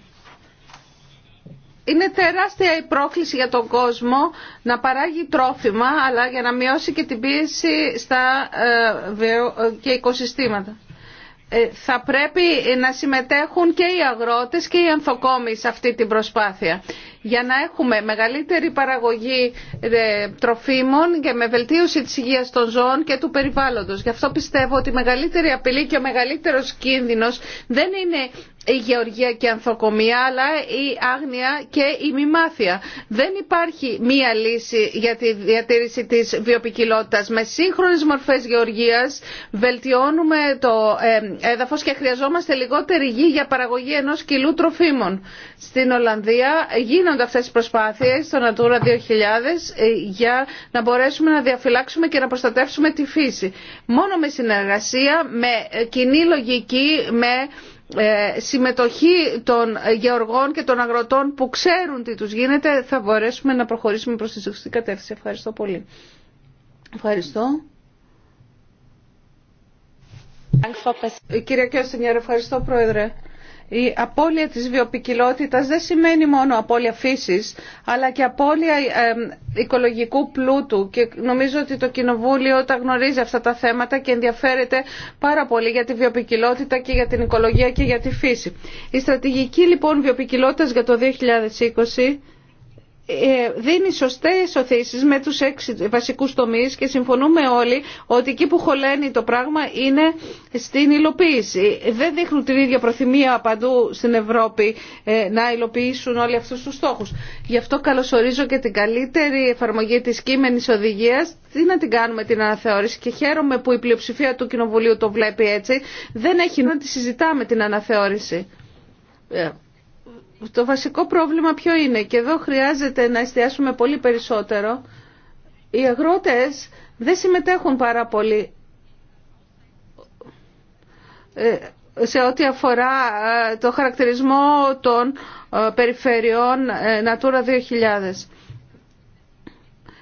Είναι τεράστια η πρόκληση για τον κόσμο να παράγει τρόφιμα, αλλά για να μειώσει και την πίεση στα ε, ε, και οικοσυστήματα. Ε, θα πρέπει να συμμετέχουν και οι αγρότες και οι ανθοκόμοι σε αυτή την προσπάθεια για να έχουμε μεγαλύτερη παραγωγή ε, τροφίμων και με βελτίωση της υγείας των ζώων και του περιβάλλοντος. Γι' αυτό πιστεύω ότι η μεγαλύτερη απειλή και ο μεγαλύτερος κίνδυνος δεν είναι η γεωργία και η ανθοκομία, αλλά η άγνοια και η μη Δεν υπάρχει μία λύση για τη διατήρηση της βιοπικιλότητας. Με σύγχρονες μορφές γεωργίας βελτιώνουμε το ε, έδαφος και χρειαζόμαστε λιγότερη γη για παραγωγή ενός κιλού τροφίμων. Στην Ολλανδία γίνονται αυτές οι προσπάθειες στο Natura 2000 ε, για να μπορέσουμε να διαφυλάξουμε και να προστατεύσουμε τη φύση. Μόνο με συνεργασία, με κοινή λογική, με ε, συμμετοχή των γεωργών και των αγροτών που ξέρουν τι τους γίνεται θα μπορέσουμε να προχωρήσουμε προς τη σωστή κατεύθυνση. Ευχαριστώ πολύ. Ευχαριστώ. Ε, Κύριε Κιώστινιέρα, ευχαριστώ Πρόεδρε. Η απώλεια της βιοπικιλότητας δεν σημαίνει μόνο απώλεια φύσης, αλλά και απώλεια οικολογικού πλούτου. Και νομίζω ότι το Κοινοβούλιο τα γνωρίζει αυτά τα θέματα και ενδιαφέρεται πάρα πολύ για τη βιοπικιλότητα και για την οικολογία και για τη φύση. Η στρατηγική λοιπόν βιοπικιλότητας για το 2020 ε, δίνει σωστές οθήσει με τους έξι βασικούς τομείς και συμφωνούμε όλοι ότι εκεί που χωλαίνει το πράγμα είναι στην υλοποίηση. Δεν δείχνουν την ίδια προθυμία παντού στην Ευρώπη ε, να υλοποιήσουν όλοι αυτούς τους στόχους. Γι' αυτό καλωσορίζω και την καλύτερη εφαρμογή της κείμενης οδηγίας. Τι να την κάνουμε την αναθεώρηση και χαίρομαι που η πλειοψηφία του Κοινοβουλίου το βλέπει έτσι. Δεν έχει να τη συζητάμε την αναθεώρηση. Ε, το βασικό πρόβλημα ποιο είναι και εδώ χρειάζεται να εστιάσουμε πολύ περισσότερο. Οι αγρότες δεν συμμετέχουν πάρα πολύ ε, σε ό,τι αφορά ε, το χαρακτηρισμό των ε, περιφερειών Natura 2000.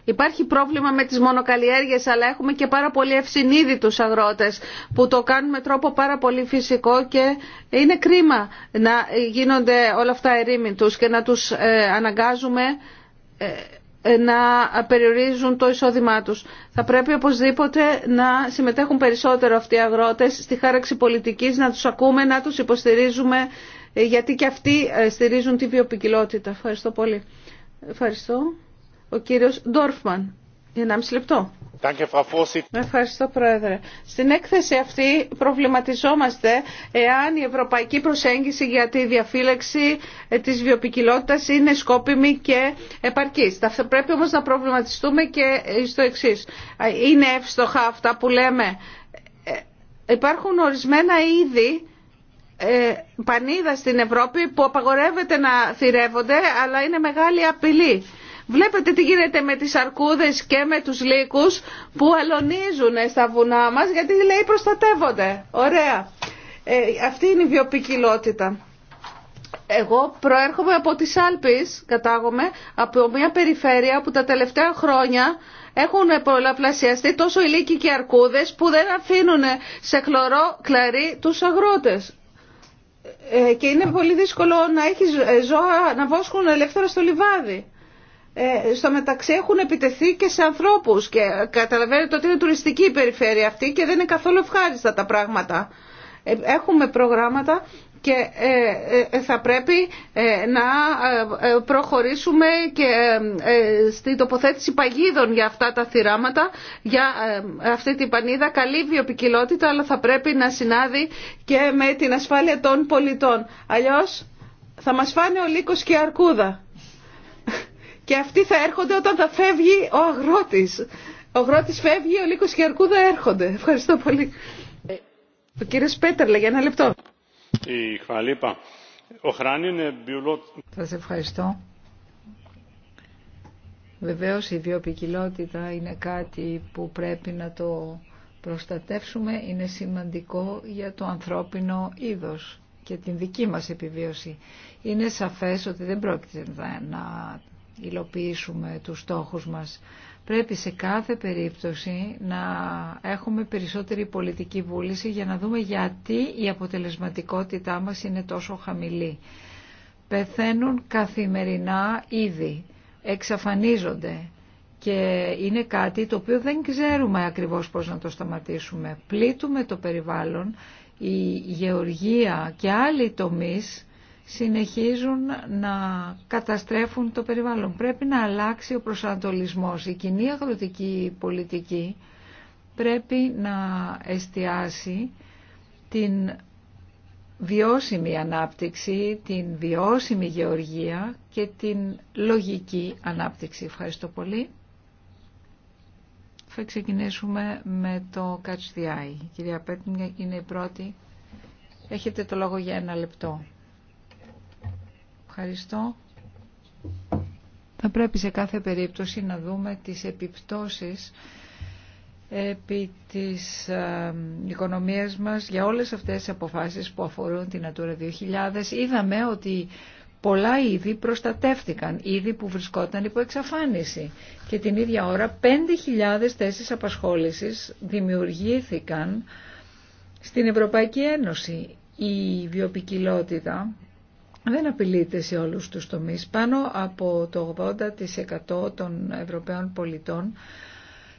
Υπάρχει πρόβλημα με τις μονοκαλλιέργειες, αλλά έχουμε και πάρα πολύ ευσυνείδητους αγρότες που το κάνουν με τρόπο πάρα πολύ φυσικό και είναι κρίμα να γίνονται όλα αυτά ερήμην τους και να τους ε, αναγκάζουμε ε, ε, να περιορίζουν το εισόδημά τους. Θα πρέπει οπωσδήποτε να συμμετέχουν περισσότερο αυτοί οι αγρότες στη χάραξη πολιτικής, να τους ακούμε, να τους υποστηρίζουμε, γιατί και αυτοί στηρίζουν τη βιοπικιλότητα. Ευχαριστώ πολύ. Ευχαριστώ ο κύριος Ντόρφμαν. Για μισή λεπτό. Ευχαριστώ Πρόεδρε. Στην έκθεση αυτή προβληματιζόμαστε εάν η ευρωπαϊκή προσέγγιση για τη διαφύλαξη ε, της βιοπικιλότητας είναι σκόπιμη και επαρκής. Θα πρέπει όμως να προβληματιστούμε και ε, στο εξής. Είναι εύστοχα αυτά που λέμε. Ε, υπάρχουν ορισμένα είδη πανίδα στην Ευρώπη που απαγορεύεται να θυρεύονται αλλά είναι μεγάλη απειλή Βλέπετε τι γίνεται με τις αρκούδες και με τους λύκους που αλωνίζουν στα βουνά μας γιατί λέει προστατεύονται. Ωραία. Ε, αυτή είναι η βιοπικιλότητα. Εγώ προέρχομαι από τις Άλπεις, κατάγομαι, από μια περιφέρεια που τα τελευταία χρόνια έχουν πολλαπλασιαστεί τόσο οι λύκοι και οι αρκούδες που δεν αφήνουν σε χλωρό κλαρί τους αγρότες. Ε, και είναι πολύ δύσκολο να έχεις ζώα να βόσκουν ελεύθερα στο λιβάδι. Ε, στο μεταξύ έχουν επιτεθεί και σε ανθρώπους και καταλαβαίνετε ότι είναι τουριστική η περιφέρεια αυτή και δεν είναι καθόλου ευχάριστα τα πράγματα. Ε, έχουμε προγράμματα και ε, θα πρέπει να προχωρήσουμε και στην τοποθέτηση παγίδων για αυτά τα θυράματα, για αυτή την πανίδα καλή βιοπικιλότητα, αλλά θα πρέπει να συνάδει και με την ασφάλεια των πολιτών. Αλλιώς θα μας φάνε ο λύκος και η αρκούδα και αυτοί θα έρχονται όταν θα φεύγει ο αγρότης. Ο αγρότης φεύγει, ο λύκος και αρκούδα έρχονται. Ευχαριστώ πολύ. Ο κύριος Πέτερλε, για ένα λεπτό. Θα σε ευχαριστώ. Βεβαίως η βιοπικιλότητα είναι κάτι που πρέπει να το προστατεύσουμε, είναι σημαντικό για το ανθρώπινο είδος και την δική μας επιβίωση. Είναι σαφές ότι δεν πρόκειται να υλοποιήσουμε τους στόχους μας. Πρέπει σε κάθε περίπτωση να έχουμε περισσότερη πολιτική βούληση για να δούμε γιατί η αποτελεσματικότητά μας είναι τόσο χαμηλή. Πεθαίνουν καθημερινά ήδη, εξαφανίζονται και είναι κάτι το οποίο δεν ξέρουμε ακριβώς πώς να το σταματήσουμε. Πλήττουμε το περιβάλλον, η γεωργία και άλλοι τομείς συνεχίζουν να καταστρέφουν το περιβάλλον. Πρέπει να αλλάξει ο προσανατολισμός. Η κοινή αγροτική πολιτική πρέπει να εστιάσει την βιώσιμη ανάπτυξη, την βιώσιμη γεωργία και την λογική ανάπτυξη. Ευχαριστώ πολύ. Θα ξεκινήσουμε με το Catch the Eye. Κυρία Πέτμια, είναι η πρώτη. Έχετε το λόγο για ένα λεπτό. Ευχαριστώ. Θα πρέπει σε κάθε περίπτωση να δούμε τις επιπτώσεις επί της οικονομίας μας για όλες αυτές τις αποφάσεις που αφορούν την Natura 2000. Είδαμε ότι πολλά είδη προστατεύτηκαν, είδη που βρισκόταν υπό εξαφάνιση. Και την ίδια ώρα 5.000 θέσεις απασχόλησης δημιουργήθηκαν στην Ευρωπαϊκή Ένωση. Η βιοπικιλότητα δεν απειλείται σε όλους τους τομείς. Πάνω από το 80% των Ευρωπαίων πολιτών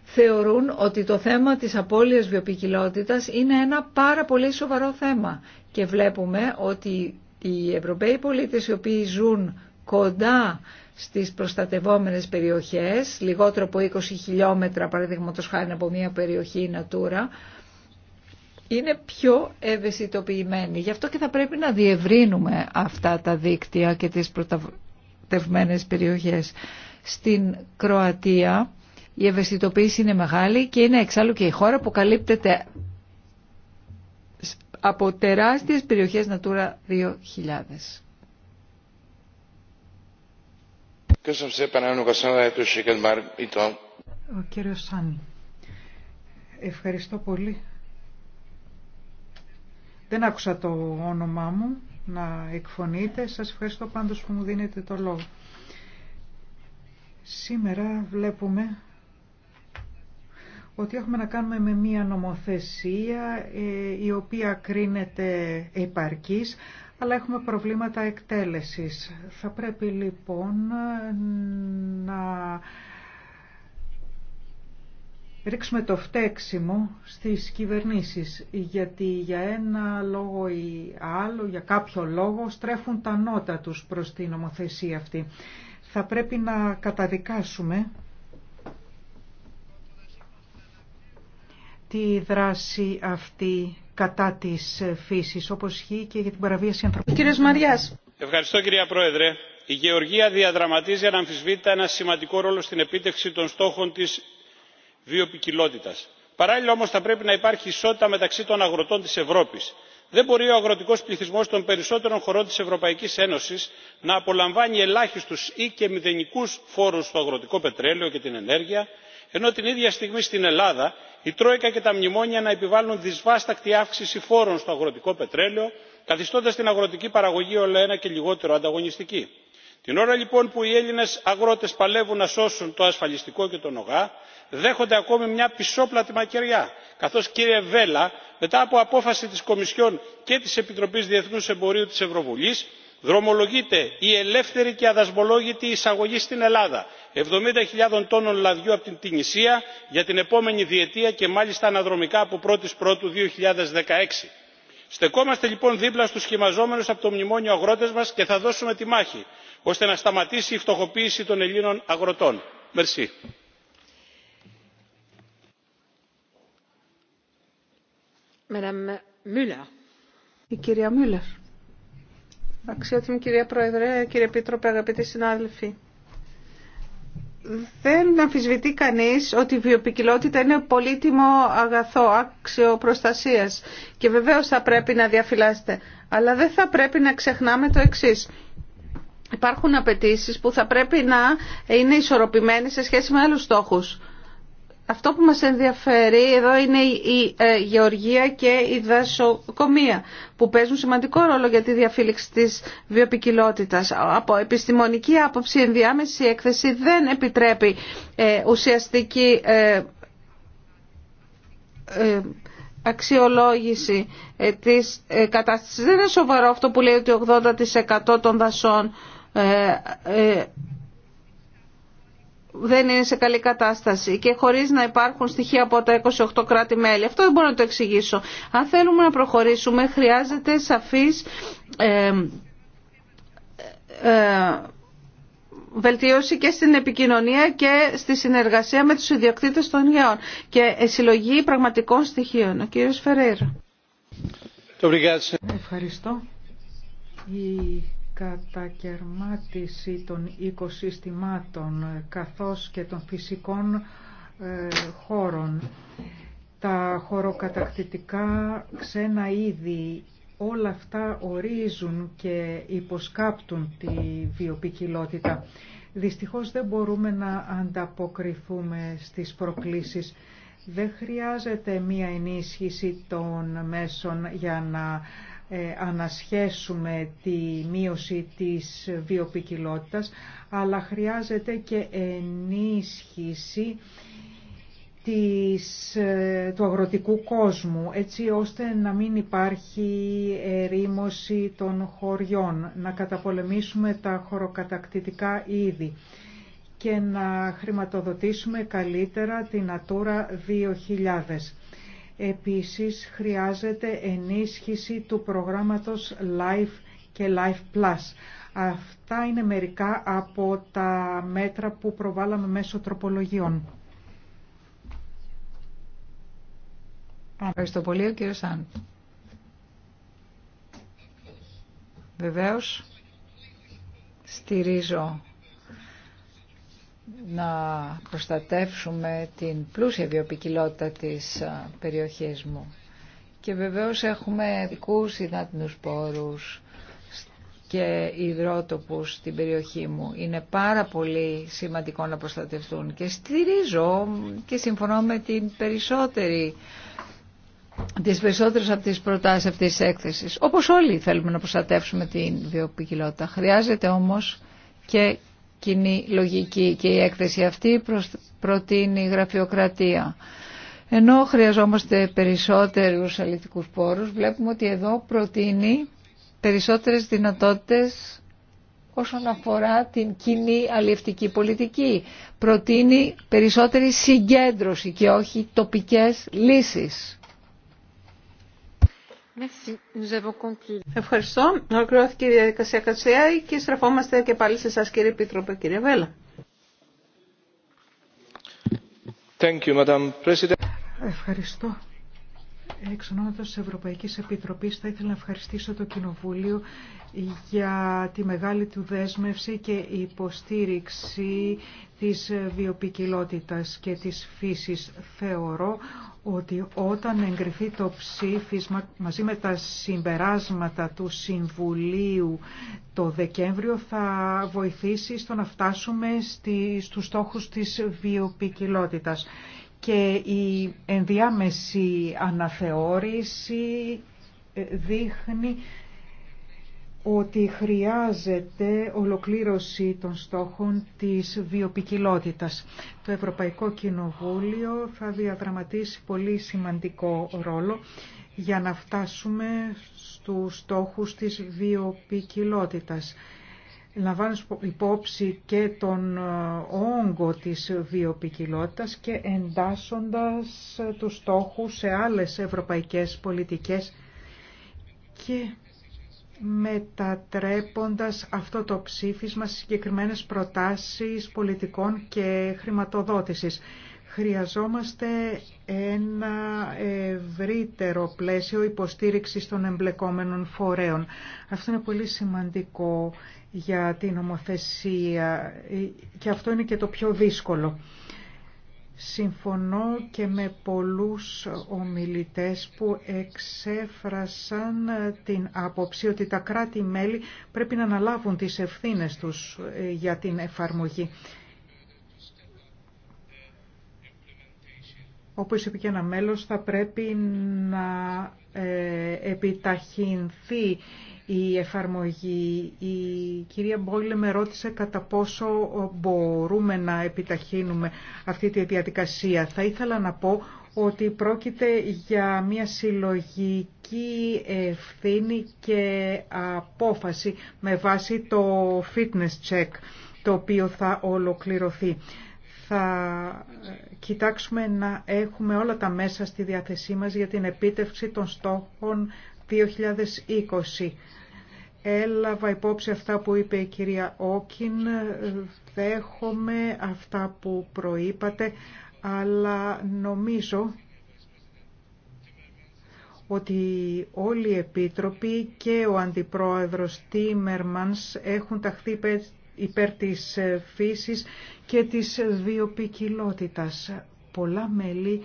θεωρούν ότι το θέμα της απώλειας βιοποικιλότητας είναι ένα πάρα πολύ σοβαρό θέμα. Και βλέπουμε ότι οι Ευρωπαίοι πολίτες οι οποίοι ζουν κοντά στις προστατευόμενες περιοχές, λιγότερο από 20 χιλιόμετρα παραδείγματος χάρη από μια περιοχή Natura, είναι πιο ευαισθητοποιημένη. Γι' αυτό και θα πρέπει να διευρύνουμε αυτά τα δίκτυα και τις πρωτατευμένες περιοχές. Στην Κροατία η ευαισθητοποίηση είναι μεγάλη και είναι εξάλλου και η χώρα που καλύπτεται από τεράστιες περιοχές Natura 2000. Ευχαριστώ πολύ δεν άκουσα το όνομά μου να εκφωνείτε. Σας ευχαριστώ πάντως που μου δίνετε το λόγο. Σήμερα βλέπουμε ότι έχουμε να κάνουμε με μία νομοθεσία ε, η οποία κρίνεται επαρκής, αλλά έχουμε προβλήματα εκτέλεσης. Θα πρέπει λοιπόν να ρίξουμε το φταίξιμο στις κυβερνήσεις, γιατί για ένα λόγο ή άλλο, για κάποιο λόγο, στρέφουν τα νότα τους προς την νομοθεσία αυτή. Θα πρέπει να καταδικάσουμε τη δράση αυτή κατά της φύσης, όπως ισχύει και για την παραβίαση ανθρώπων. Κύριε Μαριάς. Ευχαριστώ κυρία Πρόεδρε. Η Γεωργία διαδραματίζει αναμφισβήτητα ένα σημαντικό ρόλο στην επίτευξη των στόχων της βιοποικιλότητας. παράλληλα όμως θα πρέπει να υπάρχει ισότητα μεταξύ των αγροτών της ευρώπης. δεν μπορεί ο αγροτικός πληθυσμός των περισσότερων χωρών της ευρωπαϊκής ένωσης να απολαμβάνει ελάχιστους ή και μηδενικούς φόρους στο αγροτικό πετρέλαιο και την ενέργεια ενώ την ίδια στιγμή στην ελλάδα η τρόικα και τα μνημόνια να επιβάλλουν δυσβάστακτη αύξηση φόρων στο αγροτικό πετρέλαιο καθιστώντας την αγροτική παραγωγή όλο ένα και λιγότερο ανταγωνιστική την ώρα λοιπόν που οι έλληνες αγρότες παλεύουν να σώσουν το ασφαλιστικό και τον ογά δέχονται ακόμη μια πισόπλατη μακεριά καθώς κύριε βέλλα μετά από απόφαση της κομισιόν και της επιτροπής διεθνούς εμπορίου της ευρωβουλής δρομολογείται η ελεύθερη και αδασμολόγητη εισαγωγή στην ελλάδα 70.000 τόνων λαδιού από την τινησία για την επόμενη διετία και μάλιστα αναδρομικά από 1 η 1 2016 στεκόμαστε λοιπόν δίπλα στους χυμαζόμενους από το μνημόνιο αγρότες μας και θα δώσουμε τη μάχη ώστε να σταματήσει η φτωχοποίηση των ελλήνων αγροτών. Η κυρία Αξιότιμη κυρία Πρόεδρε, κύριε Επίτροπε, αγαπητοί συνάδελφοι δεν αμφισβητεί κανείς ότι η βιοπικιλότητα είναι πολύτιμο αγαθό, άξιο προστασίας και βεβαίως θα πρέπει να διαφυλάσσεται. Αλλά δεν θα πρέπει να ξεχνάμε το εξής. Υπάρχουν απαιτήσει που θα πρέπει να είναι ισορροπημένες σε σχέση με άλλους στόχους. Αυτό που μας ενδιαφέρει εδώ είναι η ε, γεωργία και η δασοκομεία που παίζουν σημαντικό ρόλο για τη διαφύλιξη της βιοπικιλότητας. Από επιστημονική άποψη ενδιάμεση έκθεση δεν επιτρέπει ε, ουσιαστική ε, αξιολόγηση της κατάστασης. Δεν είναι σοβαρό αυτό που λέει ότι 80% των δασών δεν είναι σε καλή κατάσταση και χωρίς να υπάρχουν στοιχεία από τα 28 κράτη-μέλη. Αυτό δεν μπορώ να το εξηγήσω. Αν θέλουμε να προχωρήσουμε χρειάζεται σαφής ε, ε, ε βελτίωση και στην επικοινωνία και στη συνεργασία με τους ιδιοκτήτες των γεών και ε, συλλογή πραγματικών στοιχείων. Ο κύριος Φεραίρα. Ευχαριστώ κατακαιρμάτιση των οικοσυστημάτων καθώς και των φυσικών ε, χώρων. Τα χωροκατακτητικά ξένα είδη όλα αυτά ορίζουν και υποσκάπτουν τη βιοπικιλότητα. Δυστυχώς δεν μπορούμε να ανταποκριθούμε στις προκλήσεις. Δεν χρειάζεται μία ενίσχυση των μέσων για να ε, ανασχέσουμε τη μείωση της βιοπικιλότητας, αλλά χρειάζεται και ενίσχυση της, ε, του αγροτικού κόσμου, έτσι ώστε να μην υπάρχει ερήμωση των χωριών, να καταπολεμήσουμε τα χωροκατακτητικά είδη και να χρηματοδοτήσουμε καλύτερα την Ατούρα 2000. Επίσης χρειάζεται ενίσχυση του προγράμματος Life και Life Plus. Αυτά είναι μερικά από τα μέτρα που προβάλαμε μέσω τροπολογιών. Ευχαριστώ πολύ, ο κύριος Βεβαίως, στηρίζω να προστατεύσουμε την πλούσια βιοπικιλότητα της περιοχής μου. Και βεβαίως έχουμε δικούς υδάτινους πόρους και υδρότοπους στην περιοχή μου. Είναι πάρα πολύ σημαντικό να προστατευτούν και στηρίζω και συμφωνώ με την περισσότερη τις περισσότερες από τις προτάσεις αυτής της έκθεσης. Όπως όλοι θέλουμε να προστατεύσουμε την βιοποικιλότητα. Χρειάζεται όμως και κοινή λογική και η έκθεση αυτή προτείνει γραφειοκρατία. Ενώ χρειαζόμαστε περισσότερους αληθικούς πόρους, βλέπουμε ότι εδώ προτείνει περισσότερες δυνατότητες όσον αφορά την κοινή αλληλευτική πολιτική. Προτείνει περισσότερη συγκέντρωση και όχι τοπικές λύσεις. Ευχαριστώ. Ολοκληρώθηκε η διαδικασία Κατσιάη και στραφόμαστε και πάλι σε εσά κύριε Επίτροπε, κύριε Βέλα. Thank you, Madam President. Ευχαριστώ. Εξ ονόματος της Ευρωπαϊκής Επιτροπής θα ήθελα να ευχαριστήσω το Κοινοβούλιο για τη μεγάλη του δέσμευση και υποστήριξη της βιοπικιλότητας και της φύσης. Θεωρώ ότι όταν εγκριθεί το ψήφισμα μαζί με τα συμπεράσματα του Συμβουλίου το Δεκέμβριο θα βοηθήσει στο να φτάσουμε στη, στους στόχους της βιοπικιλότητας. Και η ενδιάμεση αναθεώρηση ε, δείχνει ότι χρειάζεται ολοκλήρωση των στόχων της βιοπικιλότητας. Το Ευρωπαϊκό Κοινοβούλιο θα διαδραματίσει πολύ σημαντικό ρόλο για να φτάσουμε στους στόχους της βιοπικιλότητας. Λαμβάνω υπόψη και τον ε, όγκο της βιοπικιλότητας και εντάσσοντας τους στόχους σε άλλες ευρωπαϊκές πολιτικές και μετατρέποντας αυτό το ψήφισμα σε συγκεκριμένες προτάσεις πολιτικών και χρηματοδότησης. Χρειαζόμαστε ένα ευρύτερο πλαίσιο υποστήριξης των εμπλεκόμενων φορέων. Αυτό είναι πολύ σημαντικό για την ομοθεσία και αυτό είναι και το πιο δύσκολο. Συμφωνώ και με πολλούς ομιλητές που εξέφρασαν την άποψη ότι τα κράτη-μέλη πρέπει να αναλάβουν τις ευθύνες τους ε, για την εφαρμογή. Όπως είπε και ένα μέλος, θα πρέπει να ε, επιταχυνθεί η εφαρμογή. Η κυρία Μπόιλε με ρώτησε κατά πόσο μπορούμε να επιταχύνουμε αυτή τη διαδικασία. Θα ήθελα να πω ότι πρόκειται για μια συλλογική ευθύνη και απόφαση με βάση το fitness check το οποίο θα ολοκληρωθεί. Θα κοιτάξουμε να έχουμε όλα τα μέσα στη διάθεσή μας για την επίτευξη των στόχων 2020 έλαβα υπόψη αυτά που είπε η κυρία Όκιν, δέχομαι αυτά που προείπατε, αλλά νομίζω ότι όλοι οι επίτροποι και ο αντιπρόεδρος Τίμερμανς έχουν ταχθεί υπέρ της φύσης και της βιοπικιλότητας. Πολλά μέλη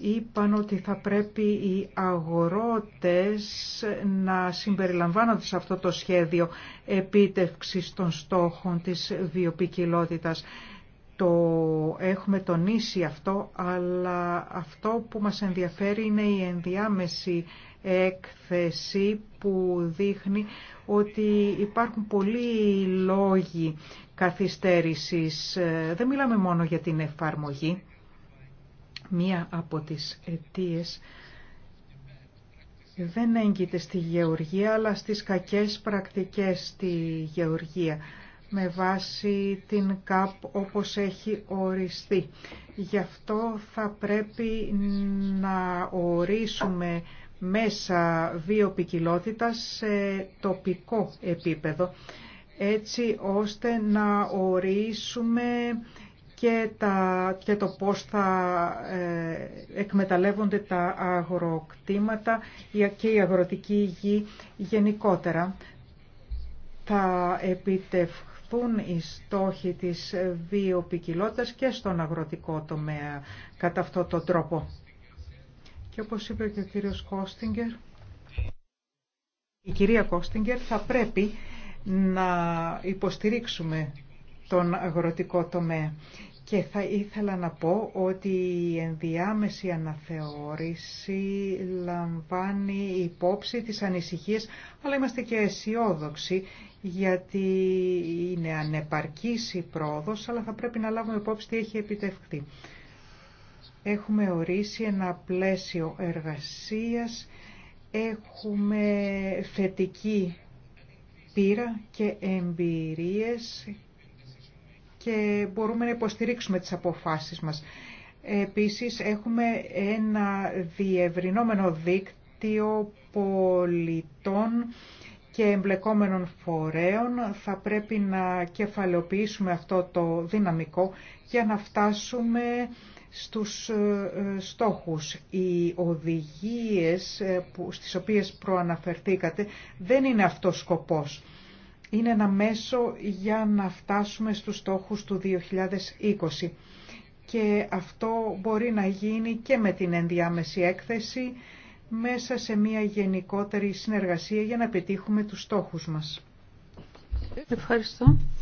είπαν ότι θα πρέπει οι αγορότες να συμπεριλαμβάνονται σε αυτό το σχέδιο επίτευξης των στόχων της βιοπικιλότητας. Το έχουμε τονίσει αυτό, αλλά αυτό που μας ενδιαφέρει είναι η ενδιάμεση έκθεση που δείχνει ότι υπάρχουν πολλοί λόγοι καθυστέρησης. Δεν μιλάμε μόνο για την εφαρμογή Μία από τις αιτίες δεν έγκυται στη γεωργία, αλλά στις κακές πρακτικές στη γεωργία με βάση την ΚΑΠ όπως έχει οριστεί. Γι' αυτό θα πρέπει να ορίσουμε μέσα βιοπικιλότητα σε τοπικό επίπεδο, έτσι ώστε να ορίσουμε και, το πώς θα ε, εκμεταλλεύονται τα αγροκτήματα και η αγροτική γη γενικότερα. Θα επιτευχθούν οι στόχοι της βιοπικιλότητας και στον αγροτικό τομέα κατά αυτόν τον τρόπο. Και όπως είπε και ο κύριος Κόστιγκερ, η κυρία Κόστιγκερ θα πρέπει να υποστηρίξουμε τον αγροτικό τομέα. Και θα ήθελα να πω ότι η ενδιάμεση αναθεώρηση λαμβάνει υπόψη τις ανησυχίες, αλλά είμαστε και αισιόδοξοι γιατί είναι ανεπαρκής η πρόοδος, αλλά θα πρέπει να λάβουμε υπόψη τι έχει επιτευχθεί. Έχουμε ορίσει ένα πλαίσιο εργασίας, έχουμε θετική πείρα και εμπειρίες και μπορούμε να υποστηρίξουμε τις αποφάσεις μας. Επίσης έχουμε ένα διευρυνόμενο δίκτυο πολιτών και εμπλεκόμενων φορέων. Θα πρέπει να κεφαλαιοποιήσουμε αυτό το δυναμικό για να φτάσουμε στους ε, στόχους. Οι οδηγίες ε, στις οποίες προαναφερθήκατε δεν είναι αυτός σκοπός είναι ένα μέσο για να φτάσουμε στους στόχους του 2020. Και αυτό μπορεί να γίνει και με την ενδιάμεση έκθεση μέσα σε μια γενικότερη συνεργασία για να πετύχουμε τους στόχους μας. Ευχαριστώ.